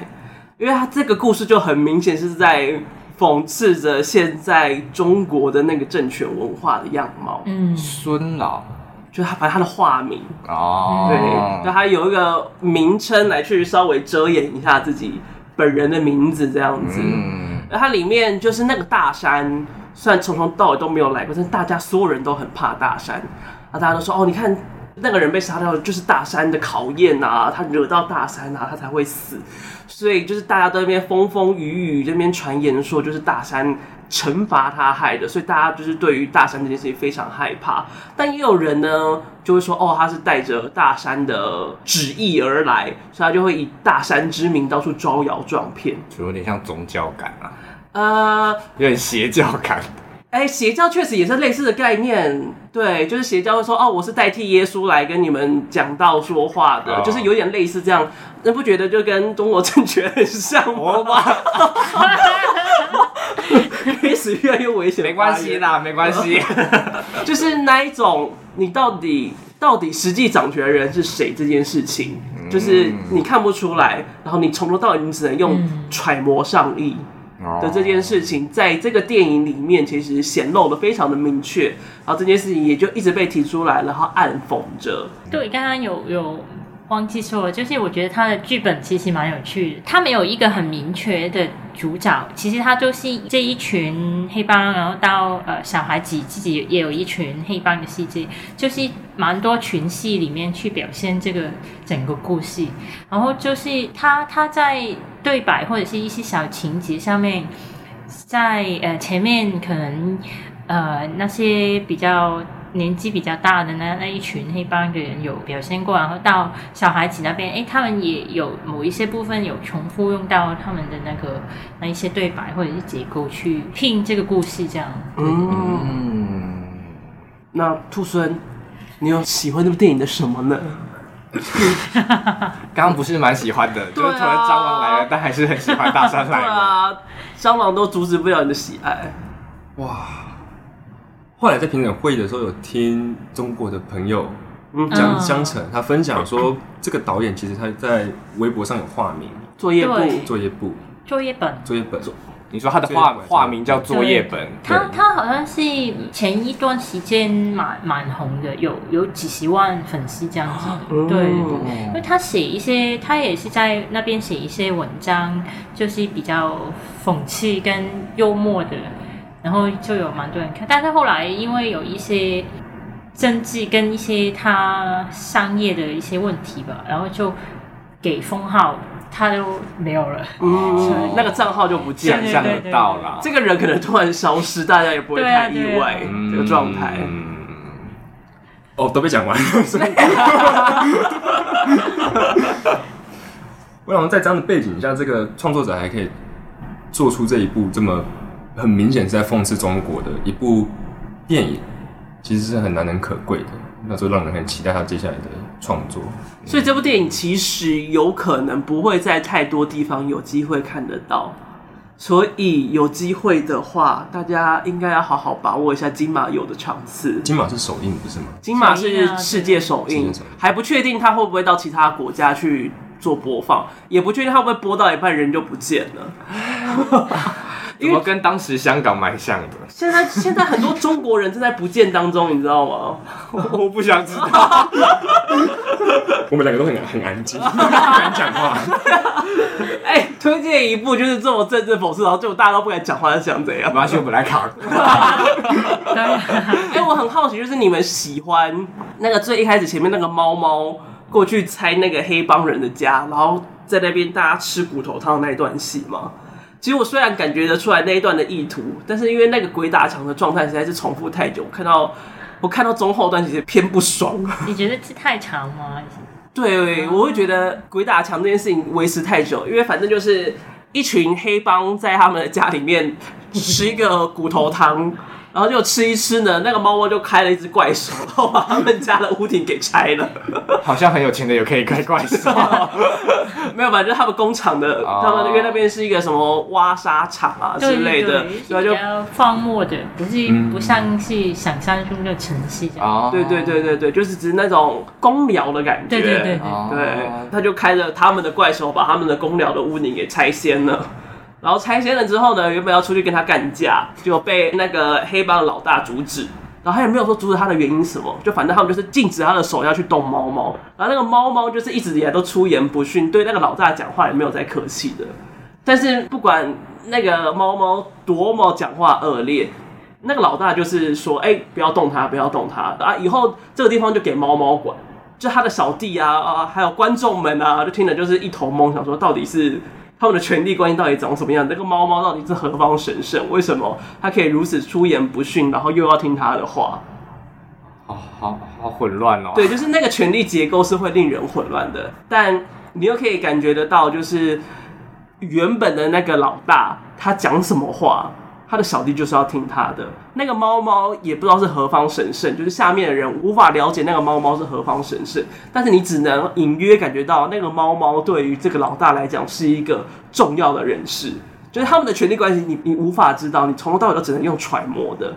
A: 因為他這個故事就很明顯是在諷刺着現在中國的那個政權文化的樣貌。嗯，孫老就他，把他的化名哦，對，就他有一個名稱來去稍微遮掩一下自己本人的名字這樣子。嗯。它裡面就是那個大山，雖然從頭到尾都沒有來過，但是大家所有人都很怕大山。啊，大家都說哦，你看那個人被殺掉，就是大山的考驗吶、啊，他惹到大山吶、啊，他才會死。所以就是大家都在那邊風風雨雨，在那邊傳言說就是大山。懲罰他害的，所以大家就是對於大山這件事情非常害怕。但也有人呢，就會說哦，他是帶着大山的旨意而來，所以他就會以大山之名到處招搖撞騙，就有點像宗教感啊，
B: 呃，
A: 有點邪教感。哎，邪教確實也是類似的概念，對，就是邪教會說哦，我是代替耶穌來跟你們講道說話的，哦、就是有點類似這樣。那不覺得就跟中國政權很像嗎？們 (laughs) (laughs) 越來越危險，沒關係啦，沒關係。 (laughs) 就是那一種，你到底到底實際掌權的人是誰這件事情，就是你看不出來，然後你從頭到尾你只能用揣摩上意的這件事情，在這個電影裡面其實顯露的非常的明確，然後這件事情也就一直被提出來然後暗諷着。
B: 對，剛剛有有。有忘記說了，就是我覺得他的劇本其實蠻有趣的。他沒有一個很明確的主角，其實他就是這一群黑幫，然後到呃小孩子自己也有一群黑幫的世界，就是蠻多群戲裡面去表現這個整個故事。然後就是他他在對白或者是一些小情節上面，在呃前面可能呃那些比較。年紀比較大的那一那一群黑幫的人有表現過，然後到小孩子那邊，哎、欸，他們也有某一些部分有重複用到他們的那個那一些對白或者是結構去拼這個故事，這樣。嗯，
A: 嗯那兔孫，你有喜歡這部電影的什麼呢？剛 (laughs) 剛不是蠻喜
D: 歡
C: 的， (laughs) 就
A: 是突然蟑螂來了，啊、但還是很喜歡大山來了、 (laughs) 啊、蟑螂都阻止不了你的
C: 喜愛。哇。後來在評審會的時候，有聽中國的朋友江、嗯、江澄他分享說，這個導演其實他在微博上有化名“作業部對作業部作業本作業本”作業本。作你說他的化化名
D: 叫作業本？他他
B: 好像是前一段時間蠻蠻紅的，有有幾十萬粉絲這樣子的。對，哦、對，因為他寫一些，他也是在那邊寫一些文章，就是比較諷刺跟幽默的。.然後就有蠻多人看，但是後來因為有一些政治跟一些他商業的一些問題吧，然後就給封號，他就沒有了，哦、所以那個賬號就不見了，想像得到了，這個人
A: 可能突然消失，大家也不會太意外，對對對，這個狀態。嗯、
C: 哦，都被講完，我想說，在這樣的背景下，這個創作者還可以做出這一部這麼很明顯是在諷刺中國的一部電影，其實是很難能可貴的，那就讓人很期待他接下來的創作。嗯，
A: 所以這部電影其實有可能不會在太多地方有機會看得到，所以有機會的話，大家應該要好好把握一下金馬有的場
C: 次。金馬是首映不是嗎？金馬是
A: 世界首映，還不確定他會不會到其他國家去做播放，也不確定他會不會播到一半人就不見了。 (laughs) 因為跟當時
D: 香港蠻像的。
A: 現在現在很多中國人正在不見當中，你知道嗎？ (laughs) 我,我不想知道。 (laughs) 我們兩個都很很安靜，不敢講話。哎、 (laughs) 欸，推薦一部就是這麼政治諷刺，然後這種大家都不敢講話是想怎樣？沒關係，我們來講。哎、 (laughs) (laughs) 欸，我很好奇，就是你們喜歡那個最一開始前面那個貓貓過去拆那個黑幫人的家，然後在那邊大家吃骨頭湯那一段戲嗎？其實我雖然感覺得出來那一段的意圖，但是因為那個鬼打牆的狀態實在是重複太久，我看到我看到中後段其實偏不
B: 爽。你覺得是太長嗎？
A: 對，我會覺得鬼打牆這件事情維持太久，因為反正就是一群黑幫在他們的家裡面吃一個骨頭湯。然後就吃一吃呢，那個貓貓就開了一隻怪手，然後把他們家的屋頂給拆了。 (laughs)
D: 好像很有錢的也可以開怪手，
A: (laughs) (laughs) 沒有吧，就是他們工廠的，oh. 他們因為那邊是一個什麼挖沙場啊之類的，對對對對所以就
B: 荒漠的，不是不像是想象中的城市這樣。Oh. 對對
A: 對對對，就是只是那種工寮的感覺。對對對對對，oh. 對他就開着他們的怪手，把他們的工寮的屋頂給拆遷了。然後拆遷了之後呢，原本要出去跟他幹架，就被那個黑幫的老大阻止。然後他也沒有說阻止他的原因什麼，就反正他們就是禁止他的手要去動貓貓。然後那個貓貓就是一直以來都出言不遜，對那個老大講話也沒有在客氣的。但是不管那個貓貓多麼講話惡劣，那個老大就是說：“哎，不要動他，不要動他啊！然後以後這個地方就給貓貓管，就他的小弟啊啊，還有觀眾們啊，就聽着就是一頭懵，想說到底是。”他們的權力關係到底長什麼樣？那個貓貓到底是何方神聖？為什麼它可以如此出言不遜，然後又要聽他的話？好
D: 好好混亂哦！對，就是
A: 那個權力結構是會令人混亂的，但你又可以感覺得到，就是原本的那個老大他講什麼話。他的小弟就是要聽他的。那個貓貓也不知道是何方神聖，就是下面的人無法了解那個貓貓是何方神聖，但是你只能隱約感覺到那個貓貓對於這個老大來講是一個重要的人士，就是他們的權力關係，你你無法知道，你從頭到尾都只能用揣摩的。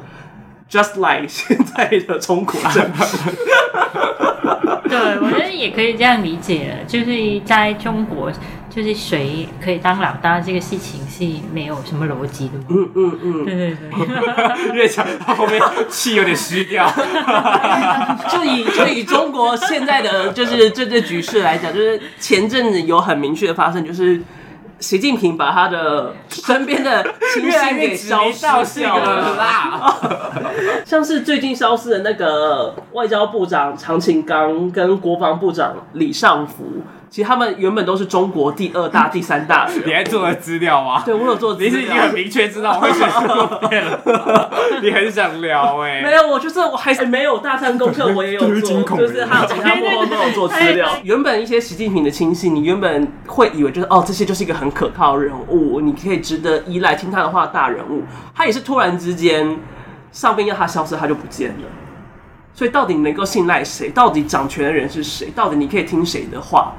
A: Just like 現在的中國政
B: 治， (laughs) (laughs) 對，我覺得也可以這樣理解，就是在中國。就是誰可以當老大這個事情是沒有什麼邏輯的。嗯，嗯嗯
A: 嗯，對對對， (laughs) (laughs) 越講到後
D: 面氣有點虛掉，
A: (laughs) (laughs) 就以就以中國現在的就是這這局勢來講，就是前陣子有很明確的發生，就是習近平把他的身邊的親信給消失了啦， (laughs) 像是最近消失的那個外交部長常勤剛跟國防部長李尚福。其實他們原本都是中國第二大第三大人，你還做了
D: 資料嗎？對，
A: 我有做資料，你是已經很明確知道，我開始做變了， (laughs) (laughs) 你很想聊哎、欸？沒有，我就是我還是沒有大三功課，我也有做， (laughs) 就是還有其他我都有做資料。 (laughs) 原本一些習近平的親信，你原本會以為就是哦，這些就是一個很可靠的人物，你可以值得依賴，聽他的話的大人物。他也是突然之間上邊要他消失，他就不見了。所以到底能夠信賴誰？到底掌權的人是誰？到底你可以聽誰的話？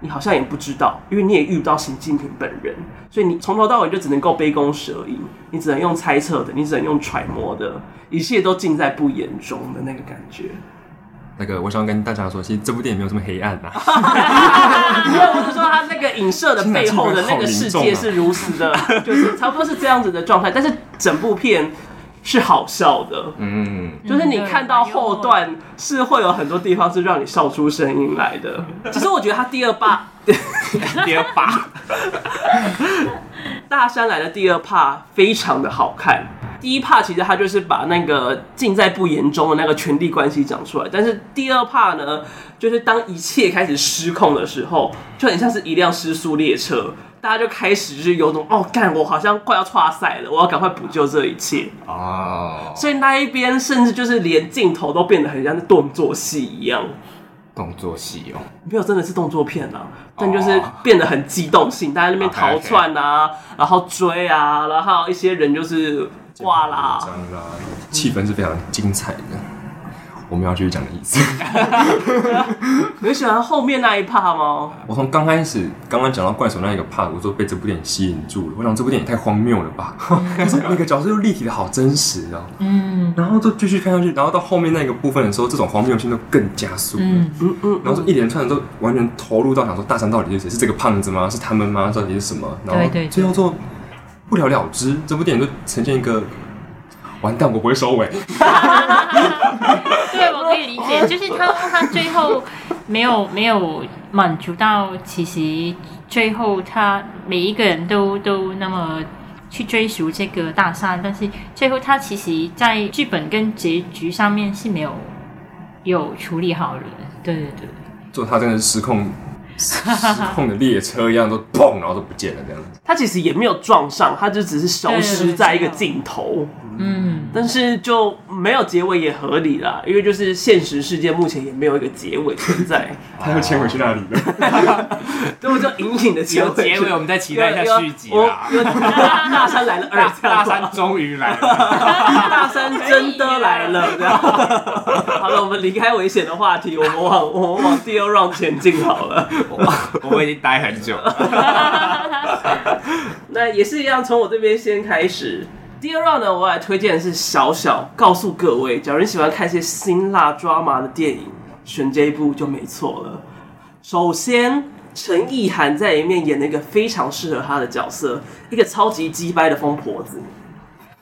A: 你好像也不知道，因為你也遇不到習近平本人，所以你從頭到尾就只能夠杯弓蛇影，你只能用猜測的，你只能用揣摩的，一切都盡在不言中的那個感覺。
C: 那個，我想跟大家說，其實這部電影沒有這麼黑暗啊。
A: (laughs) (laughs) 因為我是說，他那個影射的背後的那個世界是
C: 如此的，就
A: 是差不多是這樣子的狀態，但是整部片。是好笑的，嗯，就是你看到後段是會有很多地方是讓你笑出聲音來的。其實我覺得他第二 part， (laughs) (laughs) 第二 part，大山來的第二 part 非常的好看。第一 part 其實他就是把那個盡在不言中的那個權力關係講出來，但是第二 part 呢，就是當一切開始失控的時候，就很像是一輛失速列車。大家就開始就有種哦，幹！我好像快要挫賽了，我要趕快補救這一切啊！Oh. 所以那一邊甚至就是連鏡頭都變得很像那動作戲一樣，動作戲哦，沒有，真的是動作片啊，oh. 但就是變得很激動性，oh. 大家在那邊逃竄啊，okay, okay. 然後追啊，然後一些人就是掛樣啦，
C: 氣氛是非常精彩的。嗯我們要繼續講的意思。
A: 你喜歡後面那一 part 嗎？
C: 我從剛開始剛剛講到怪獸那一個 part，我就被這部電影吸引住了。我想這部電影太荒謬了吧， (laughs) 但是那個角色又立體的好真實哦。嗯， (laughs) 然後就繼續看下去，然後到後面那個部分的時候，這種荒謬性就更加速了。嗯 (laughs) 嗯，嗯嗯然後就一連串的都完全投入到想說大山到底是誰？是這個胖子嗎？是他們嗎？到底是什麼？然後最後說不了了之， (laughs) 對對對對這部電影就呈現一個。完蛋，我不會收尾。
B: (laughs) 對，我可以理解，就是他他最後沒有沒有滿足到，其實最後他每一個人都都那麼去追逐這個大山，但是最後他其實在劇本跟結局上面是沒有有處理好的。
C: 對對對，就他真的是失控。失控的列車一樣都砰，然後都不見了這樣
A: 子。他其實也沒有撞上，他就只是消失在一個鏡頭。嗯，但是就沒有結尾也合理啦，嗯、因為就是現實世界目前也沒有一個結尾存在。
C: 他又遷回去那裡
A: 了，這 (laughs) (laughs) 就隱隱的結尾。有結尾，我們再期待一下續集啦。大山來了二，二大山終於來了， (laughs) 大山真的來了。 (laughs) 這樣， (laughs) 好了，我們離開危險的話題，我們往我們往第二 round 前進好了。我，我已經待很久了。 (laughs) (laughs) (laughs) 那也是一樣，從我這邊先開始。第二 Round 呢，我還推薦的是小小告訴各位，假如你喜歡看一些辛辣抓馬的電影，選這一部就沒錯了。首先，陳意涵在裡面演了一個非常適合她的角色，一個超級雞掰的瘋婆子。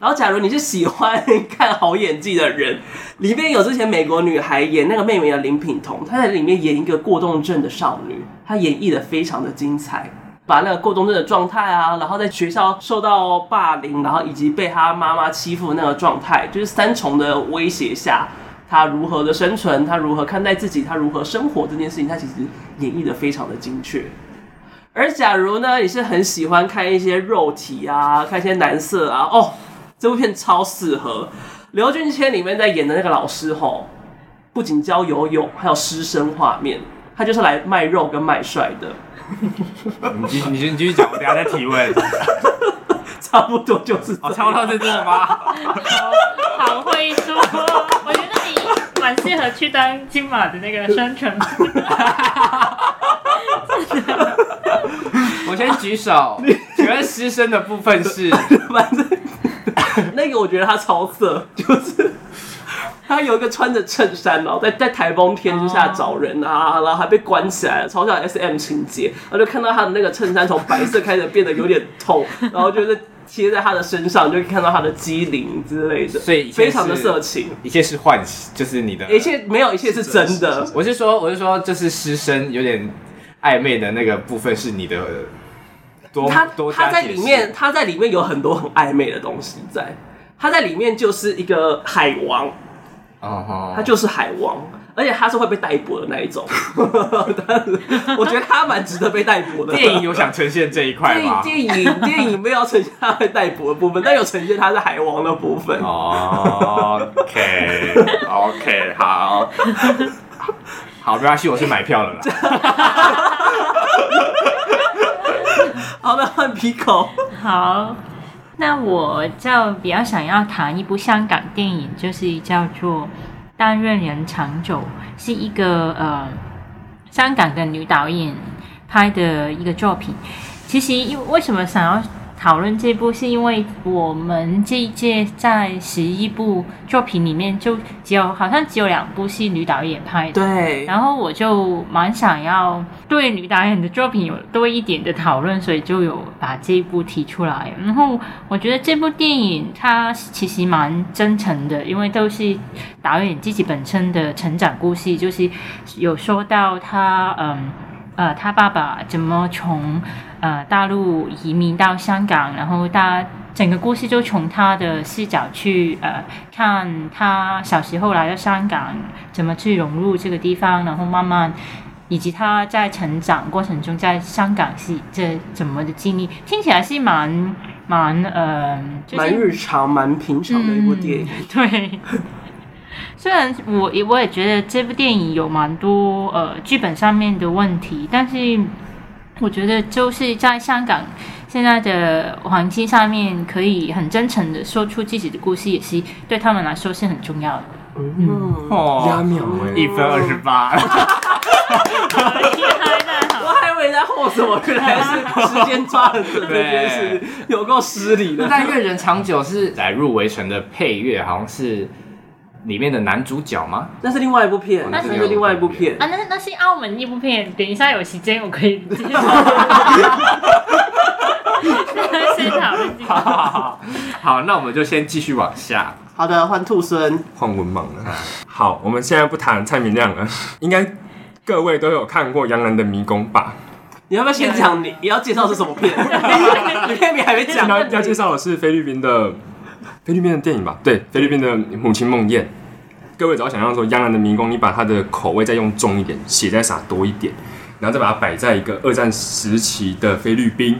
A: 然後，假如你是喜歡看好演技的人，裡面有之前美國女孩演那個妹妹的林品彤，她在裡面演一個過動症的少女，她演繹的非常的精彩，把那個過動症的狀態啊，然後在學校受到霸凌，然後以及被她媽媽欺負那個狀態，就是三重的威脅下，她如何的生存，她如何看待自己，她如何生活這件事情，她其實演繹的非常的精確。而假如呢，你是很喜歡看一些肉體啊，看一些男色啊，哦。這部片超適合劉俊謙裡面在演的那個老師吼，不僅教游泳，還有師生畫面，他就是來賣肉跟賣帥的。
B: 嗯、你繼續，
D: 你先繼續講，我等下再提問。
A: 差不多就是，哦，差不多
D: 這個嗎？
B: 好會說，我覺得你蠻適合去當金馬的那個宣傳。
A: (laughs) (laughs) 我先舉手，覺得、啊、師生的部分是反正。 (laughs) 那個我覺得他超色，就是他有一個穿着襯衫嘛、喔，在在台風天之下找人啊，然後還被關起來了，超像 SM 情節。然後就看到他的那個襯衫從白色開始變得有點透， (laughs) 然後就是貼在他的身上，就可以看到他的肌理之類的，所以非常的色情。
D: 一切是幻，就是你的，一切沒有，一切是真的。我是說，我是說，這是師生有點曖昧的那個部分是你的。他他在裡面，
A: 他在裡面有很多很曖昧的東西在。他在裡面就是一個海王，啊他、
D: uh huh. 他就
A: 是海王，而且他是會被逮捕的那一種。 (laughs) 但是我覺得他蠻值得被逮捕的。 (laughs) 電影有想呈現這
D: 一塊嗎？電
A: 影電影沒有呈現他被逮捕的部分，但有呈現他是海王的部分。
D: (laughs) OK OK，好，好，沒關係，我去買票了啦。 (laughs)
B: 好的，的換 Peeko。好，那我就比較想要談一部香港電影，就是叫做《但願人長久》，是一個呃香港的女導演拍的一個作品。其實，因為什麼想要討論這部是因為我們這一屆在十一部作品裡面就只有好像只有兩部是女導演拍的，對。然後我就蠻想要對女導演的作品有多一點的討論，所以就有把這一部提出來。然後我覺得這部電影它其實蠻真誠的，因為都是導演自己本身的成長故事，就是有說到他嗯呃他爸爸怎麼從呃，大陸移民到香港，然後他整個故事就從他的視角去呃，看他小時候來到香港，怎麼去融入這個地方，然後慢慢，以及他在成長過程中在香港是這怎麼的經歷，聽起來是蠻蠻呃，就是、蠻日
A: 常，蠻平常的一部電影。嗯、
B: 對， (laughs) 雖然我也我也覺得這部電影有蠻多呃劇本上面的問題，但是。我覺得就是在香港現在的環境上面，可以很真誠的說出自己的故事，也是對他們來說是很重要的。
C: 嗯，哦、壓秒
D: 一分二十八。
B: 我還以為在吼什麼，
D: 原來是時間抓的，真的是有夠失禮的。《但願人長久》是在入圍城的配樂，好像是。裡面的男主角嗎？那是另外一部片，哦、那，是那是另外一部片啊！
B: 那那是澳門一部片。等一下有時間我可以，好好好，
D: 好，好，那我們
C: 就先繼續往下。好的，換兔孫，換文盲了。好，我們現在不談蔡明亮了， (laughs) 應該各位都有看過《洋人的迷宮》吧？
A: 你要不要先講？ (laughs) 你要介紹是什麼片？
C: (laughs) 你，看你還沒講。要要介紹的是菲律賓的。菲律賓的電影吧，對，菲律賓的母侵夢魘。各位只要想象說，羊男的迷宮，你把他的口味再用重一點，血再灑多一點，然後再把它擺在一個二戰時期的菲律賓，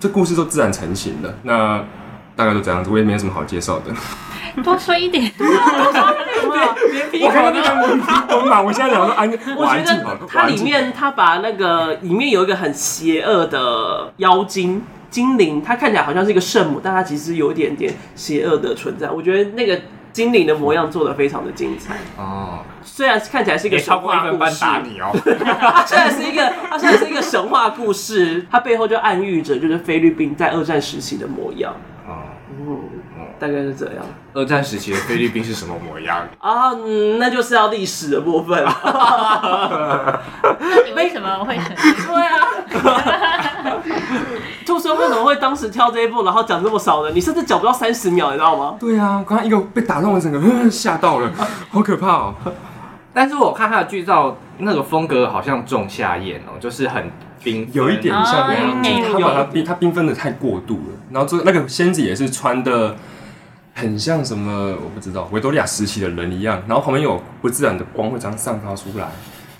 C: 這故事都自然成型了。那大概就這樣子，我也沒有什麼好介紹的。
B: 多說一點，對，我看到那個我懂
C: 了，我現在我好像安靜了。我覺得它裡
A: 面，它把那個裡面有一個很邪惡的妖精，精靈，它看起來好像是一個聖母，但它其實有一點點邪惡的存在。我覺得那個精靈的模樣做得非常的精彩哦。嗯、雖然看起來是一個神話故事，打你哦， (laughs) 雖然是一個，它雖然是一個神話故事，它背後就暗喻着就是菲律賓在二戰時期的模樣哦，嗯嗯大概是這樣。二戰時期的菲律賓是什麼模樣 (laughs) 啊、嗯？那就是要歷史的部分了。 (laughs) (laughs)
B: 你為什麼
A: 會？ (laughs) 對啊。 (laughs) 就說為什麼會當時跳這一部，然後講這麼少呢？你甚至講不到三十秒，你知道嗎？
C: 對啊，剛一個被打動了，整個嚇到了，好可怕、喔。
A: (laughs) (laughs) 但是
D: 我
C: 看他的劇照，那個風格好像仲夏夜哦、喔，就是很冰，有一點像冰，哦那個，他，他冰，他繽紛的太過度了。然後，後那個仙子也是穿的。很像什麼？我不知道維多利亞時期的人一樣，然後旁邊有不自然的光會這樣散發出來，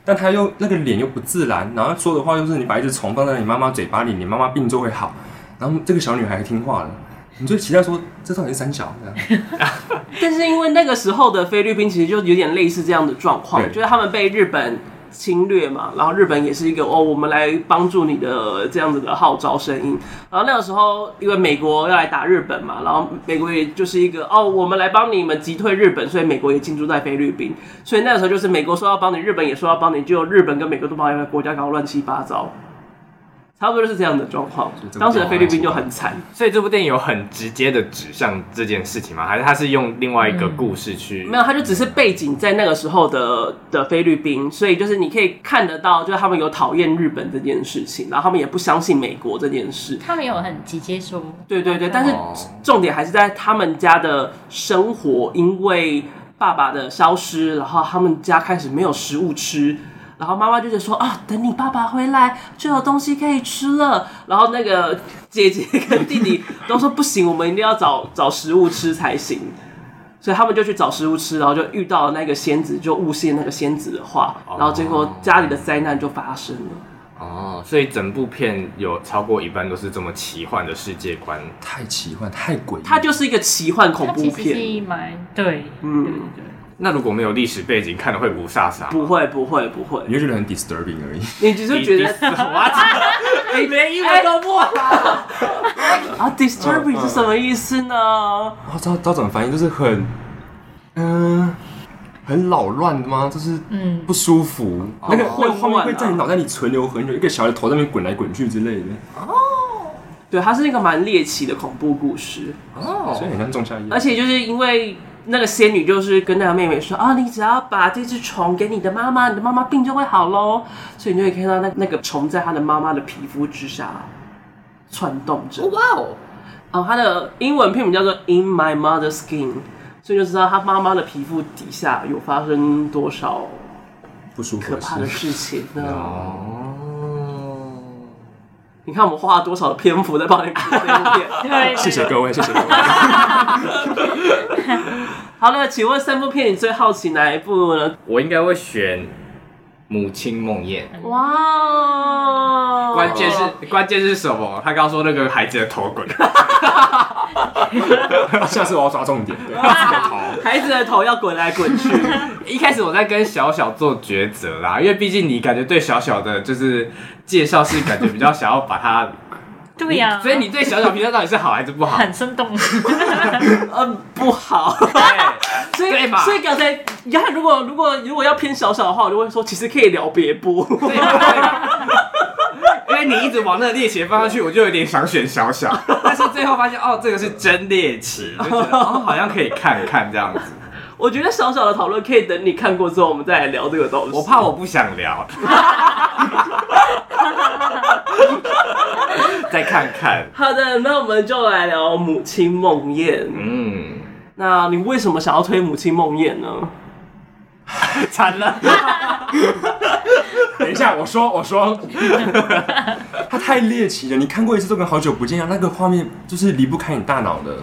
C: 但他又那個臉又不自然，然後說的話又是你把一隻蟲放在你媽媽嘴巴裡，你媽媽病就會好。然後這個小女孩聽話了，你就期待說這到底是三小？樣
A: (laughs) (laughs) 但是因為那個時候的菲律
C: 賓其實就有點類似這樣的狀況，對就
A: 是他們被日本。侵略嘛，然後日本也是一個哦，我們來幫助你的這樣子的號召聲音。然後那個時候，因為美國要來打日本嘛，然後美國也就是一個哦，我們來幫你們擊退日本，所以美國也進駐在菲律賓。所以那個時候就是美國說要幫你，日本也說要幫你，就日本跟美國都把那個國家搞亂七八糟。差不多就是這樣的狀況。當時的菲律賓就很
D: 慘，所以這部電影有很直接的指向這件事情嗎？還是他是用另外一個故事去？嗯，沒有，
A: 他就只是背景在那個時候的的菲律賓，所以就是你可以看得到，就是他們有討厭日本這件事情，然後他們也不相信美國這件事。他們有很直接說，對對對，但是重點還是在他們家的生活，因為爸爸的消失，然後他們家開始沒有食物吃。然後媽媽就是說啊，等你爸爸回來就有東西可以吃了。然後那個姐姐跟弟弟都說不行， (laughs) 我們一定要找找食物吃才行。所以他們就去找食物吃，然後就遇到那個仙子，就誤信那個仙子的話，然後結果家裡的災難就發生了。
D: 哦，所以整部片有超過一半都是這麼奇幻的世界觀，太奇幻太詭異，它就是一個奇幻恐怖片，
B: 對，嗯。
D: 對對對那如果沒有歷史背景，看了會不會嚇傻？
C: 不會不會不會，你就覺得很 disturbing 而已。你只是覺
B: 得，你沒
A: 意外都不
C: 啊 disturbing 是什麼意思
A: 呢？
C: 招招總翻譯就是很，嗯，很老亂的嗎？就是嗯不舒服，那個畫面會在你腦袋裡存留很久，一個小孩頭上面滾來滾去之類的。
A: 哦，
C: 對，它是那個蠻獵奇的恐怖故事
A: 哦，所以很像仲夏夜。而且就是因為。那個仙女就是跟那個妹妹說：“啊，你只要把這只蟲給你的媽媽，你的媽媽病就會好咯。”所以你就會看到那那個蟲在她的媽媽的皮膚之下竄動着。哇、啊、哦！她的英文片名叫做《In My Mother's Skin》，所以就知道她媽媽的皮膚底下有發生多少
C: 不舒服、可怕的事情呢？哦。
A: 你看我們花了多少的篇幅在幫你看這部片？ (laughs) 對 謝謝各位，謝謝各位。 (laughs) (laughs) 好了，請問三部片你最好奇哪一部呢？我應該會選。母侵夢魘。哇、哦！關鍵是、哦、關
D: 鍵是什麼？他剛說那個孩子的頭滾， (laughs) (laughs) 下次我要抓重點。對
A: 哇孩子的頭要滾來滾去。
D: (laughs) 一開始我在跟小小做抉擇啦，因為畢竟你感覺對小小的，就是介紹是感覺比較想要把他。
B: (laughs) 對呀、啊。所以你對小小
D: 評價到底是好還是不好？很
B: 生動。
A: 嗯、 (laughs) 呃，不好。 (laughs) 對對嘛？所以剛才你如果如果如果要偏小小的話，我就會說其實可以聊別播對。 (laughs) 因為你一直往那
D: 獵奇方向去，對我就有點想選小小，但是最後發現哦，這個是真獵奇，就是哦，好像可以看看這樣子。我覺得小小的討論可以等你看過之後，我們再來聊這個東西。我怕我不想聊。
A: (laughs) 再看看。好的，那我們就來聊母侵夢魘。嗯。那你為什麼想要推《母侵夢魘》呢？慘慘了！
C: (laughs) 等一下，我說，我說，它 (laughs) 太獵奇了。你看過一次就跟好久不見啊，一樣，那個畫面就是離不開你大腦的。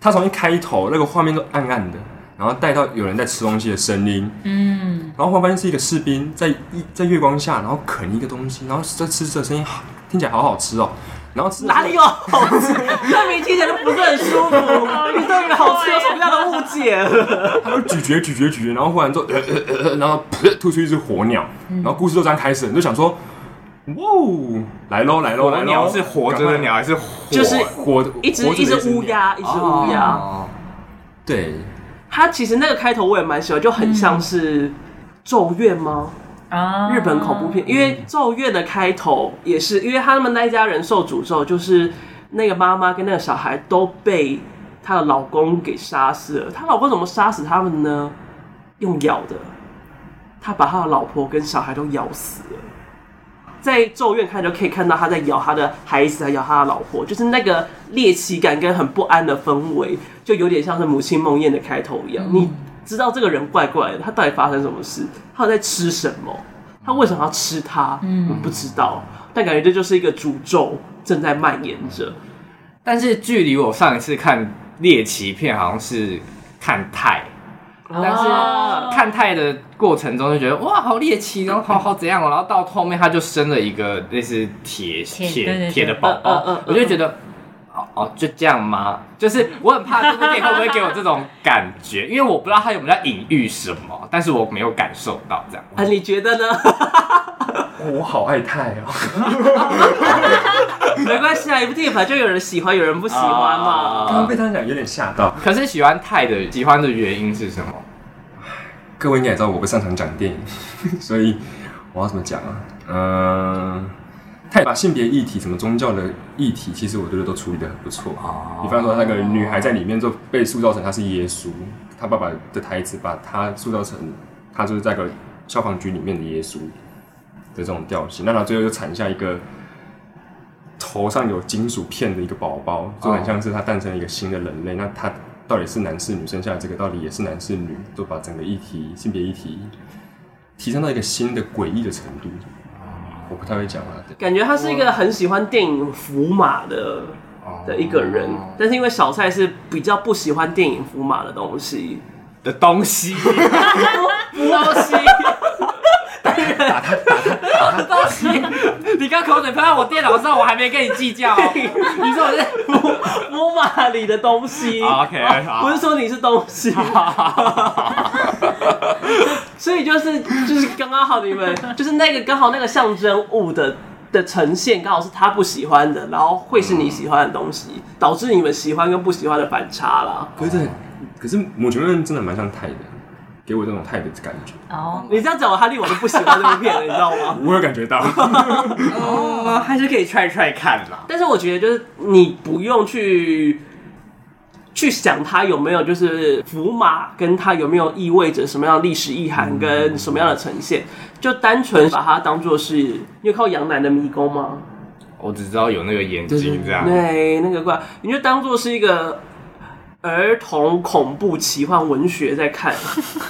C: 它從一開一頭那個畫面都暗暗的，然後帶到有人在吃東西的聲音，嗯，
B: 然
C: 後後面發現是一個士兵在一在月光下，然後啃一個東西，然後在吃這個聲音好聽起來好好吃哦。然後哪裡有？
A: 你明明聽起來不是很舒服。你對好吃有什麼樣的誤
C: 解？他就咀嚼咀嚼咀嚼，然後忽然就，呃呃呃，然後吐出一隻火鳥。然後故事就這樣開始，你就想說，哇，來嘍來嘍來嘍！鳥是活着的鳥還是？就是活一隻一隻烏
A: 鴉，一隻烏鴉。
C: 對，
A: 它，其實那個開頭我也蠻喜歡，就很像是咒怨嗎？日本恐怖片，因為《咒怨》的開頭也是，因為他們那家人受詛咒，就是那個媽媽跟那個小孩都被他的老公給殺死了。他老公怎麼殺死他們呢？用咬的，他把他的老婆跟小孩都咬死了。在《咒怨》看就可以看到他在咬他的孩子，還咬他的老婆，就是那個獵奇感跟很不安的氛圍，就有點像是母侵夢魘的開頭一樣。你。知道這個人怪怪的，他到底發生什麼事？他在吃什麼？他為什麼要吃他？嗯，我不知道。但感覺這就是一個詛咒正在蔓延着。但是距離我上一次看獵奇片，好
D: 像是看泰，
A: 哦、但是
D: 看泰的過程中就覺得哇，好獵奇，然後好好怎樣，嗯嗯，然後到後面他就生了一個類似鐵鐵鐵的寶寶，啊啊啊、我就覺得。哦，就這樣嗎？就是我很怕這部電影會不會給我這種感覺， (laughs) 因為我不知道他有沒有在隱喻什麼，但是我沒有感受到這樣。
A: 啊、你覺得呢？
C: (laughs) 我好愛泰哦， (laughs) (laughs) (laughs) 沒關係啊，一部電影反正有人喜歡，有人不喜歡嘛。剛剛、呃、被他講有點嚇到。可是喜歡泰的，喜歡的原因是什麼？各位應該也知道我不擅長講電影，所以我要怎麼講啊？嗯、呃。他也把性別議題、什麼宗教的議題，其實我覺得都處理的很不錯。比、oh. 方說，那個女孩在裡面就被塑造成她是耶穌，她爸爸的台詞把她塑造成，她就是在那個消防局裡面的耶穌的這種調性。那他最後又產下一個頭上有金屬片的一個寶寶，就很像是他誕生了一個新的人類。Oh. 那他到底是男是女生下來這個，到底也是男是女，都把整個議題、性別議題提升到一個新的詭異的程度。我不太會講的、啊、
A: 感覺他是一個很喜歡電影符碼的哇的一個人，哦、但是因為小蔡是比較不喜歡電影符碼的東西的東西東西。
D: (laughs) 你剛口水噴到我電腦上，我還沒
A: 跟你計較、喔。 (laughs) 你說我在摸摸馬裡的東西 oh,？OK，oh,、oh. 不是說你是東西。 (laughs) (laughs) 所以就是就是剛剛好，你們 (laughs) 就是那個剛好那個象徵物的的呈現，剛好是他不喜歡的，然後會是你喜歡的東西，嗯、導致你們喜歡跟不喜歡的反差了。
C: 可是，可是我覺得真的蠻像太給我這種太的感覺哦！Oh、
A: my. 你這樣講我哈利，我都不喜歡這部片了， (laughs) 你知道
C: 嗎？我有感覺到，
A: 哦，還是可以 try try 看啦。但是我覺得就是你不用去去想它有沒有就是符碼跟它有沒有意味着什麼樣的歷史意涵跟什麼樣的呈現，mm hmm. 就單純把它當做是，因為靠羊男的迷宮嗎？
C: 我只知
D: 道有那個眼睛對對對，這樣，對，
A: 那個怪，你就當做是一個。兒童恐怖奇幻文學在看，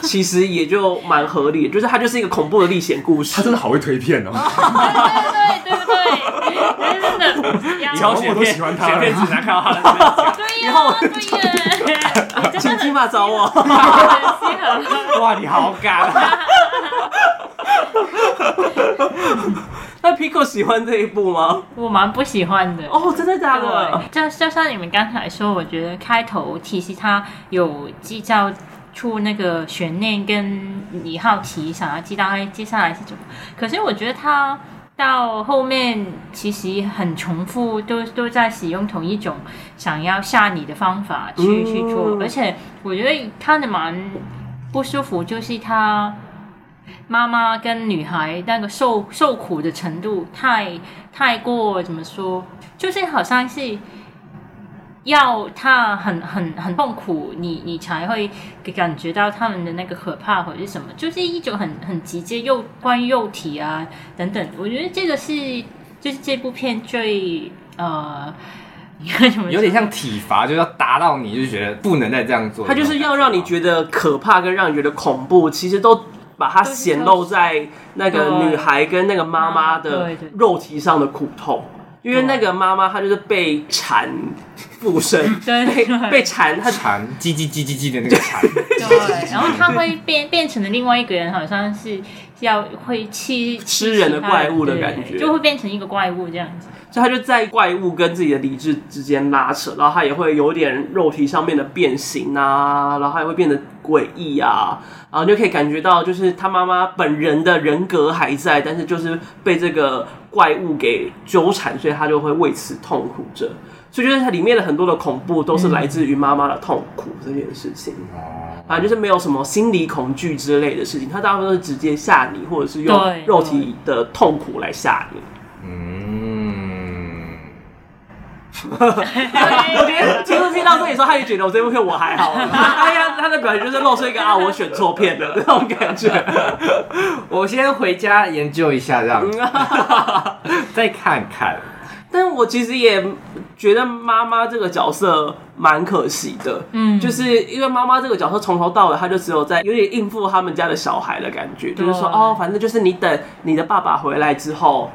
A: 其實也就蠻合理的，就是它就是一個恐怖的歷險故事。他真的好會推片哦，哦！對對對對對對對，真的。以後我都喜歡他，
D: 啊。以
C: 後我
A: 最喜歡看他的。對呀對呀。你今晚找我。哇，你好敢！ (laughs) (laughs)
B: 那 Pico 喜歡這一部嗎？我蠻不喜歡的哦。真的假的、啊？就就像你們剛才說，我覺得開頭其實他有製造出那個懸念，跟你好奇想要知道接下來是什麼。可是我覺得他到後面其實很重複都，都都在使用同一種想要嚇你的方法去、嗯、去做，而且我覺得看着蠻不舒服，就是他。媽媽跟女孩那個受受苦的程度太太過，怎麼說？就是好像是要她很很很痛苦，你你才會感覺到他們的那個可怕或者是什麼，就是一種很很直接又關於肉體啊等等。我覺得這個是就是這部片最呃，
D: 什麼有點像體罰，就是要打到你就覺得不能再
A: 這樣做。他就是要讓你覺得可怕，跟讓你覺得恐怖，其實都。把它顯露在那個女孩，跟那個媽媽的肉體上的苦痛，對對對對對，因為那
B: 個媽媽她就是被纏，
A: 附
D: 身對對，
B: 被被纏，她
A: 纏，嘰
D: 嘰嘰嘰嘰的那個纏。對，
B: (laughs) 對，然後她會變變成了另外一個人，好像是，是要會吃吃人的怪物的感覺，就會變成一個怪物這樣子。所以她就
A: 在怪物跟自己的理智之間拉扯，然後她也會有點肉體上面的變形啊，然後她也會變得詭異啊。然後你就可以感覺到，就是他媽媽本人的人格還在，但是就是被這個怪物給糾纏，所以他就會為此痛苦着。所以就是它裡面的很多的恐怖都是來自於媽媽的痛苦這件事情。嗯、啊，反正就是沒有什麼心理恐懼之類的事情，它大部分都是直接嚇你，或者是用肉體的痛苦來嚇你。嗯。哈哈，我聽聽、就是、聽到這裡說他也覺得我這部片我還好， (laughs) 哎呀，他的表情就是露出一個啊我選錯片的那種感覺。
D: (laughs)
A: 我先回家研究一下，這樣， (laughs) (laughs) 再看看。但我其實也覺得媽媽這個角色蠻可惜的，嗯，就是因為媽媽這個角色從頭到尾，他就只有在有點應付他們家的小孩的感覺，對就是說哦，反正就是你等你的爸爸回來之後。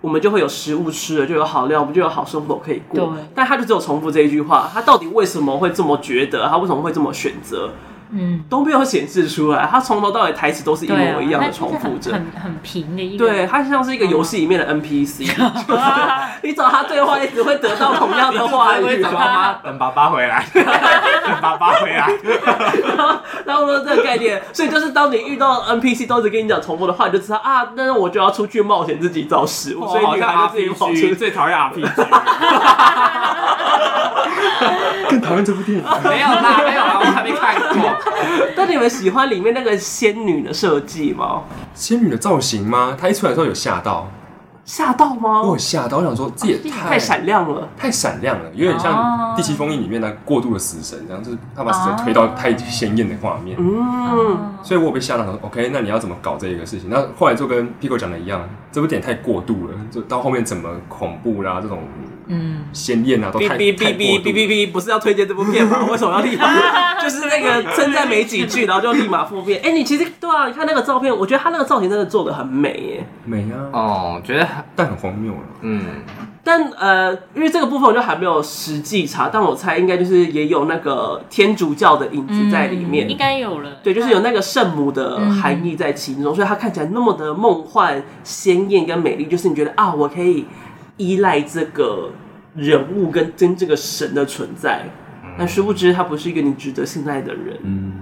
A: 我們就會有食物吃了，就有好料，不就有好生活可以過？對但他就只有重複這一句話，他到底為什麼會這麼覺得？他為什麼會這麼選擇？嗯，都沒有顯示出來。他從頭到尾台詞都是一模一樣的重複着、啊，很
B: 很平的一個。對，
A: 他像是一個遊戲裡面的 NPC，
B: 嗯、 (laughs) (laughs) 你
A: 找他對話，你只會得到同樣的話語。你會講媽媽，等爸爸回來， (laughs) 等爸爸回來。 (laughs) 然後，然後我說這個概念，所以就是當你遇到 NPC 都是跟你講重複的話，你就知道啊，那我就要出去冒險，自己找食物。我討厭 RPG，最討厭 RPG，
B: 更討厭這部電影。 (laughs) 沒有啦，沒有啦，我還沒
A: 看過。 (laughs) 但你們喜歡裡面那個仙女的設計嗎？
C: 仙女的造型嗎？她一出來的時候有嚇到？嚇到嗎？我有嚇到，我想說這也太閃、哦、亮了，太閃亮了，有點像《第七封印》裡面那過度的死神這樣，然後就是他把死神推到太鮮豔的畫面。嗯，嗯，所以我有被嚇到，說 OK，那你要怎麼搞這個事情？那後來就跟 Peeko 講的一樣。這有點太過度了，就到後面怎麼恐怖啦、啊，這種，嗯，鮮豔啊，都太過度。嗶嗶
A: 嗶嗶不是要推薦這部片嗎？ (laughs) 為什麼要立馬？ (laughs) 就是那個稱讚沒幾句，然後就立馬負面。哎、欸，你其實對啊，你看那個照片，我覺得他那個造型真的做得很美耶、欸。
C: 美啊，哦，覺得很但很荒謬了、啊，嗯。
A: 但呃，因為這個部分我就還沒有實際查，但我猜應該就是也有那個天主教的影子在裡面，嗯、應該有了。對，就是有那個聖母的含義在其中，嗯、所以它看起來那麼的夢幻、鮮豔跟美麗，就是你覺得啊，我可以依賴這個人物跟真正的神的存在。嗯、但殊不知，他不是一個你
C: 值得信賴的人。嗯，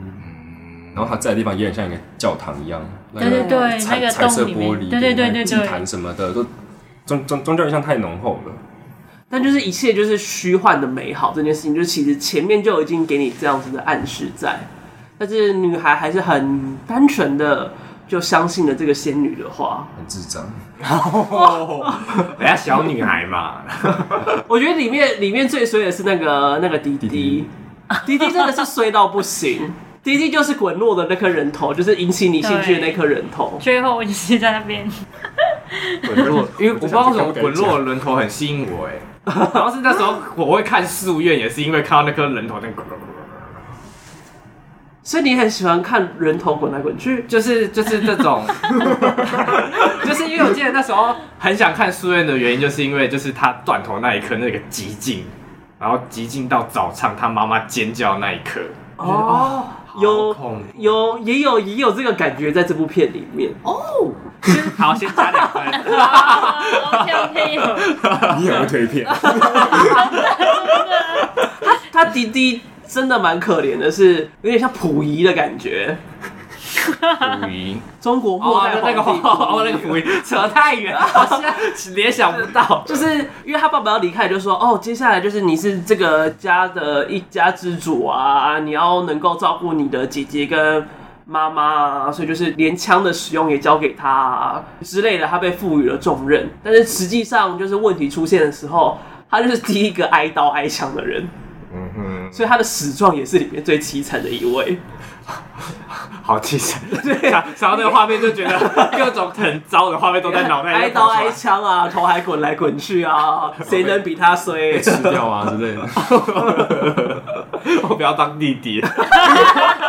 C: 然後他在的地方也很像一個教堂一樣，對，對對對，彩色玻璃、對對對對對，祭壇什麼的都。宗宗宗教印象太濃厚了，
A: 但就是一切就是虛幻的美好這件事情，就其實前面就已經給你這樣子的暗示在，但是女孩還是很單純的就相信了這個仙女的話，很智障，人家小女孩嘛。 (laughs) 我覺得裡面裡面最衰的是那個那個滴滴滴滴，滴滴真的是衰到不行， (laughs) 滴滴就是滾落的那顆人頭，就是引起你興趣的那顆人頭，
B: 最後我一直在那邊。滾 (laughs) 落，
A: 因為我發現滾落的人頭很吸引
D: 我哎，主要 (laughs) 是那時候我會看《素院》，也是因為看到那顆人頭在滾。所以你很喜歡看人頭
A: 滾來滾去、就是，就是就是這種。 (laughs) (laughs) 就是因為我
D: 記得那時候 (laughs) 很想看《素院》的原因，就是因為就是他斷頭那一刻那個寂靜，然後寂靜到早上他媽媽尖叫那一刻。
A: 哦，有有也有也有這個感覺在這部片裡面哦。Oh. 好
B: 先
A: 加兩
C: 塊。好小弟。你有
A: 個推片。他弟弟真的蠻可憐的是有點像溥儀的感覺。溥儀儀。中國末代皇帝。Oh, 那個滑滑滑那個溥儀儀。扯太遠了我現在聯想不到。 (laughs) 就是因為他爸爸要離開就說哦接下來就是你是這個家的一家之主啊你要能夠照顧你的姐姐跟。媽媽，所以就是連槍的使用也交給他、啊、之類的，他被賦予了重任。但是實際上，就是問題出現的時候，他就是第一個挨刀挨槍的人。嗯哼，所以他的死狀也是裡面最淒慘的一位。好淒慘，對、啊、想到那個畫面就覺得各種
D: 很糟的畫面都在腦袋裡。挨刀挨
A: 槍啊，頭還滾來滾去啊，誰能比他衰？死
C: 掉啊之類
A: 的。 (laughs) 我不要當弟弟。 (laughs)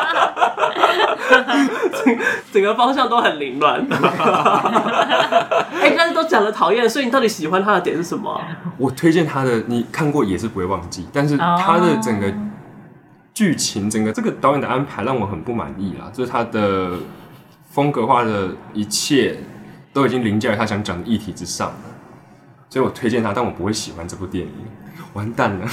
A: (laughs) 整個方向都很凌亂，哎、 (laughs) 欸，但是都講得討厭，所以你到底喜歡他的點是什麼？
C: 我推薦他的，你看過也是不會忘記，但是他的整個劇情，整個這個導演的安排讓我很不滿意啦，就是他的風格化的一切都已經凌駕於他想講的議題之上。所以我推薦他，但我不會喜歡這部電影，完蛋了！
A: (laughs)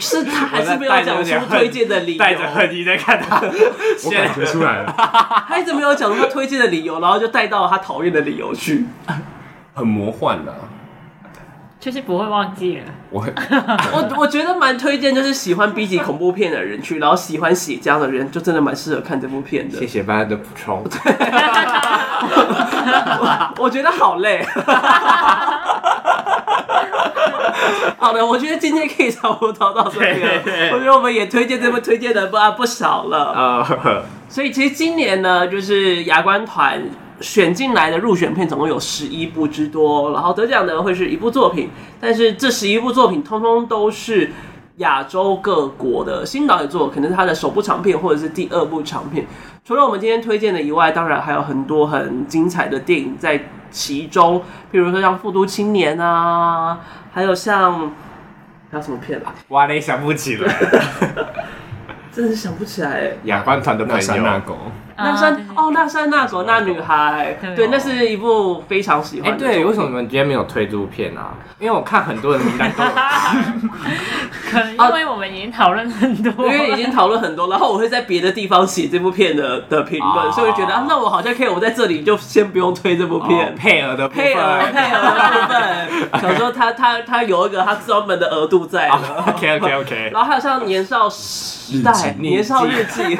A: 是他還是沒有講出推薦的理由？帶着恨在看他，我感覺出來
C: 了。
A: (laughs) 他一直沒有講出他推薦的理由，然後就帶到了他討厭的理由去，
C: (laughs) 很魔幻的、啊。
A: 確實不會忘記了。我我我覺得蠻推薦，就是喜歡 B 級恐怖片的人去，然後喜歡血漿的人，就真的蠻適合看這部片的。謝謝大家的補充。我覺得好累。 (laughs) 好的，我覺得今天可以差不多到這邊。 (laughs) 我覺得我們也推薦這部推薦的不不少
D: 了
A: (laughs) 所以其實今年呢，就是亞觀團選進來的入選片總共有十一部之多，然後得獎的會是一部作品。但是這十一部作品通通都是亞洲各國的新導演作，可能是他的首部長片或者是第二部長片。除了我們今天推薦的以外，當然還有很多很精彩的電影在其中，譬如說像《富都青年》啊。還有像還有什麼片啊？
D: 哇嘞，那想不起了，
A: 真是想不起來。
D: 亞觀團的朋友。
A: 那山哦，那山，那狗，那女孩，對，那是一部非常喜
B: 歡。哎，對，為什麼你
D: 們今天沒有推這部片啊？因為我看很多
A: 人名單。都。可
B: 能因為我們已經討論很多，因為已經討論
A: 很多，然後我會在別的地方寫這部片的的評論，所以我就覺得啊，那我好像可以，我在這裡就先不用推這部片，配額的配額配額，的部分，想說他他他有一個他專門的額度在，OK OK OK。然後還有像年少時代、年少日記。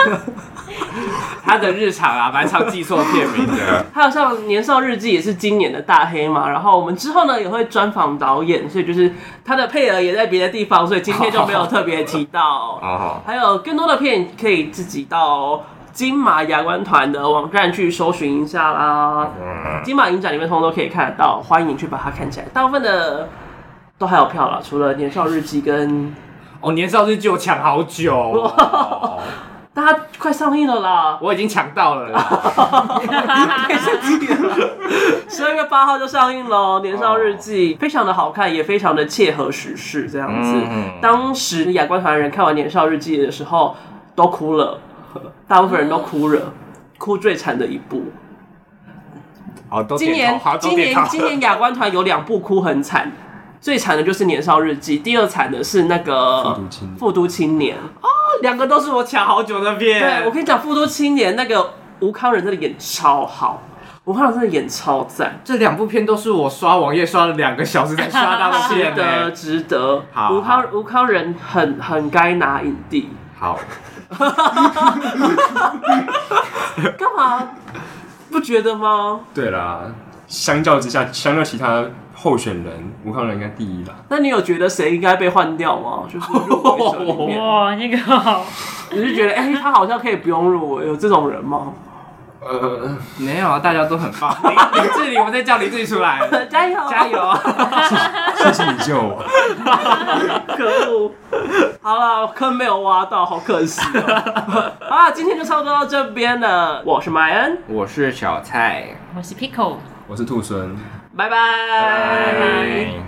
A: (laughs) 他的日常啊，蠻常記錯片名的。還有 (laughs) 像《年少日記》也是今年的大黑馬嘛，然後我們之後呢也會專訪導演，所以就是他的配額也在別的地方，所以今天就沒有特別提到。好好好好好，還有更多的片可以自己到金馬亞觀團的網站去搜尋一下啦。 (laughs) 金馬影展裡面通通都可以看得到，歡迎去把它看起來。大部分的都還有票啦，除了年少日記跟，哦《年少日記》跟哦，《年少日記》我搶好久。 (laughs) 哦它、啊、快上映了啦！我已經搶到了。十二 (laughs) 月八號就上映了，年少日記》oh。非常的好看，也非常的切合時事。這樣子，mm。當時亞觀團的人看完《年少日記》的時候都哭了，大部分人都哭了，mm。哭最慘的一部。今年今年今年亞觀團有兩部哭很慘， (laughs) 最慘的就是《年少日記》，第二慘的是那個《富都青年》青年。Oh. 兩個都是我搶好久的片，對我跟你講，《富都青年》那個吳慷仁真的演超好，吳慷仁真的演超讚，這兩部片都是我刷網頁刷了兩個小時才刷到的片、欸值，值得值得。吳慷吳慷仁很很該拿影帝。好，幹 (laughs) (laughs) 嘛？不覺得嗎？
C: 對啦，相較之下，相較其他。候選人，我看人應該第一
A: 吧。那你有覺得誰應該被換掉嗎？就是哇，那個，你是覺得哎，欸，他好像可以不用入？有這種人嗎？呃， (laughs) 沒有啊，大家都很
D: 棒。林志玲，我們再叫林志玲出來，
A: (laughs) 加油，加油！
C: (laughs) (laughs) 謝謝你
B: 救
A: 我。 (laughs) (laughs) 可惡！好了，坑沒有挖到，好可惜啊，喔！好了，今天就差不多到這邊了。我是麥恩，我是小蔡，
B: 我是 Peeko，我是兔猻。拜拜。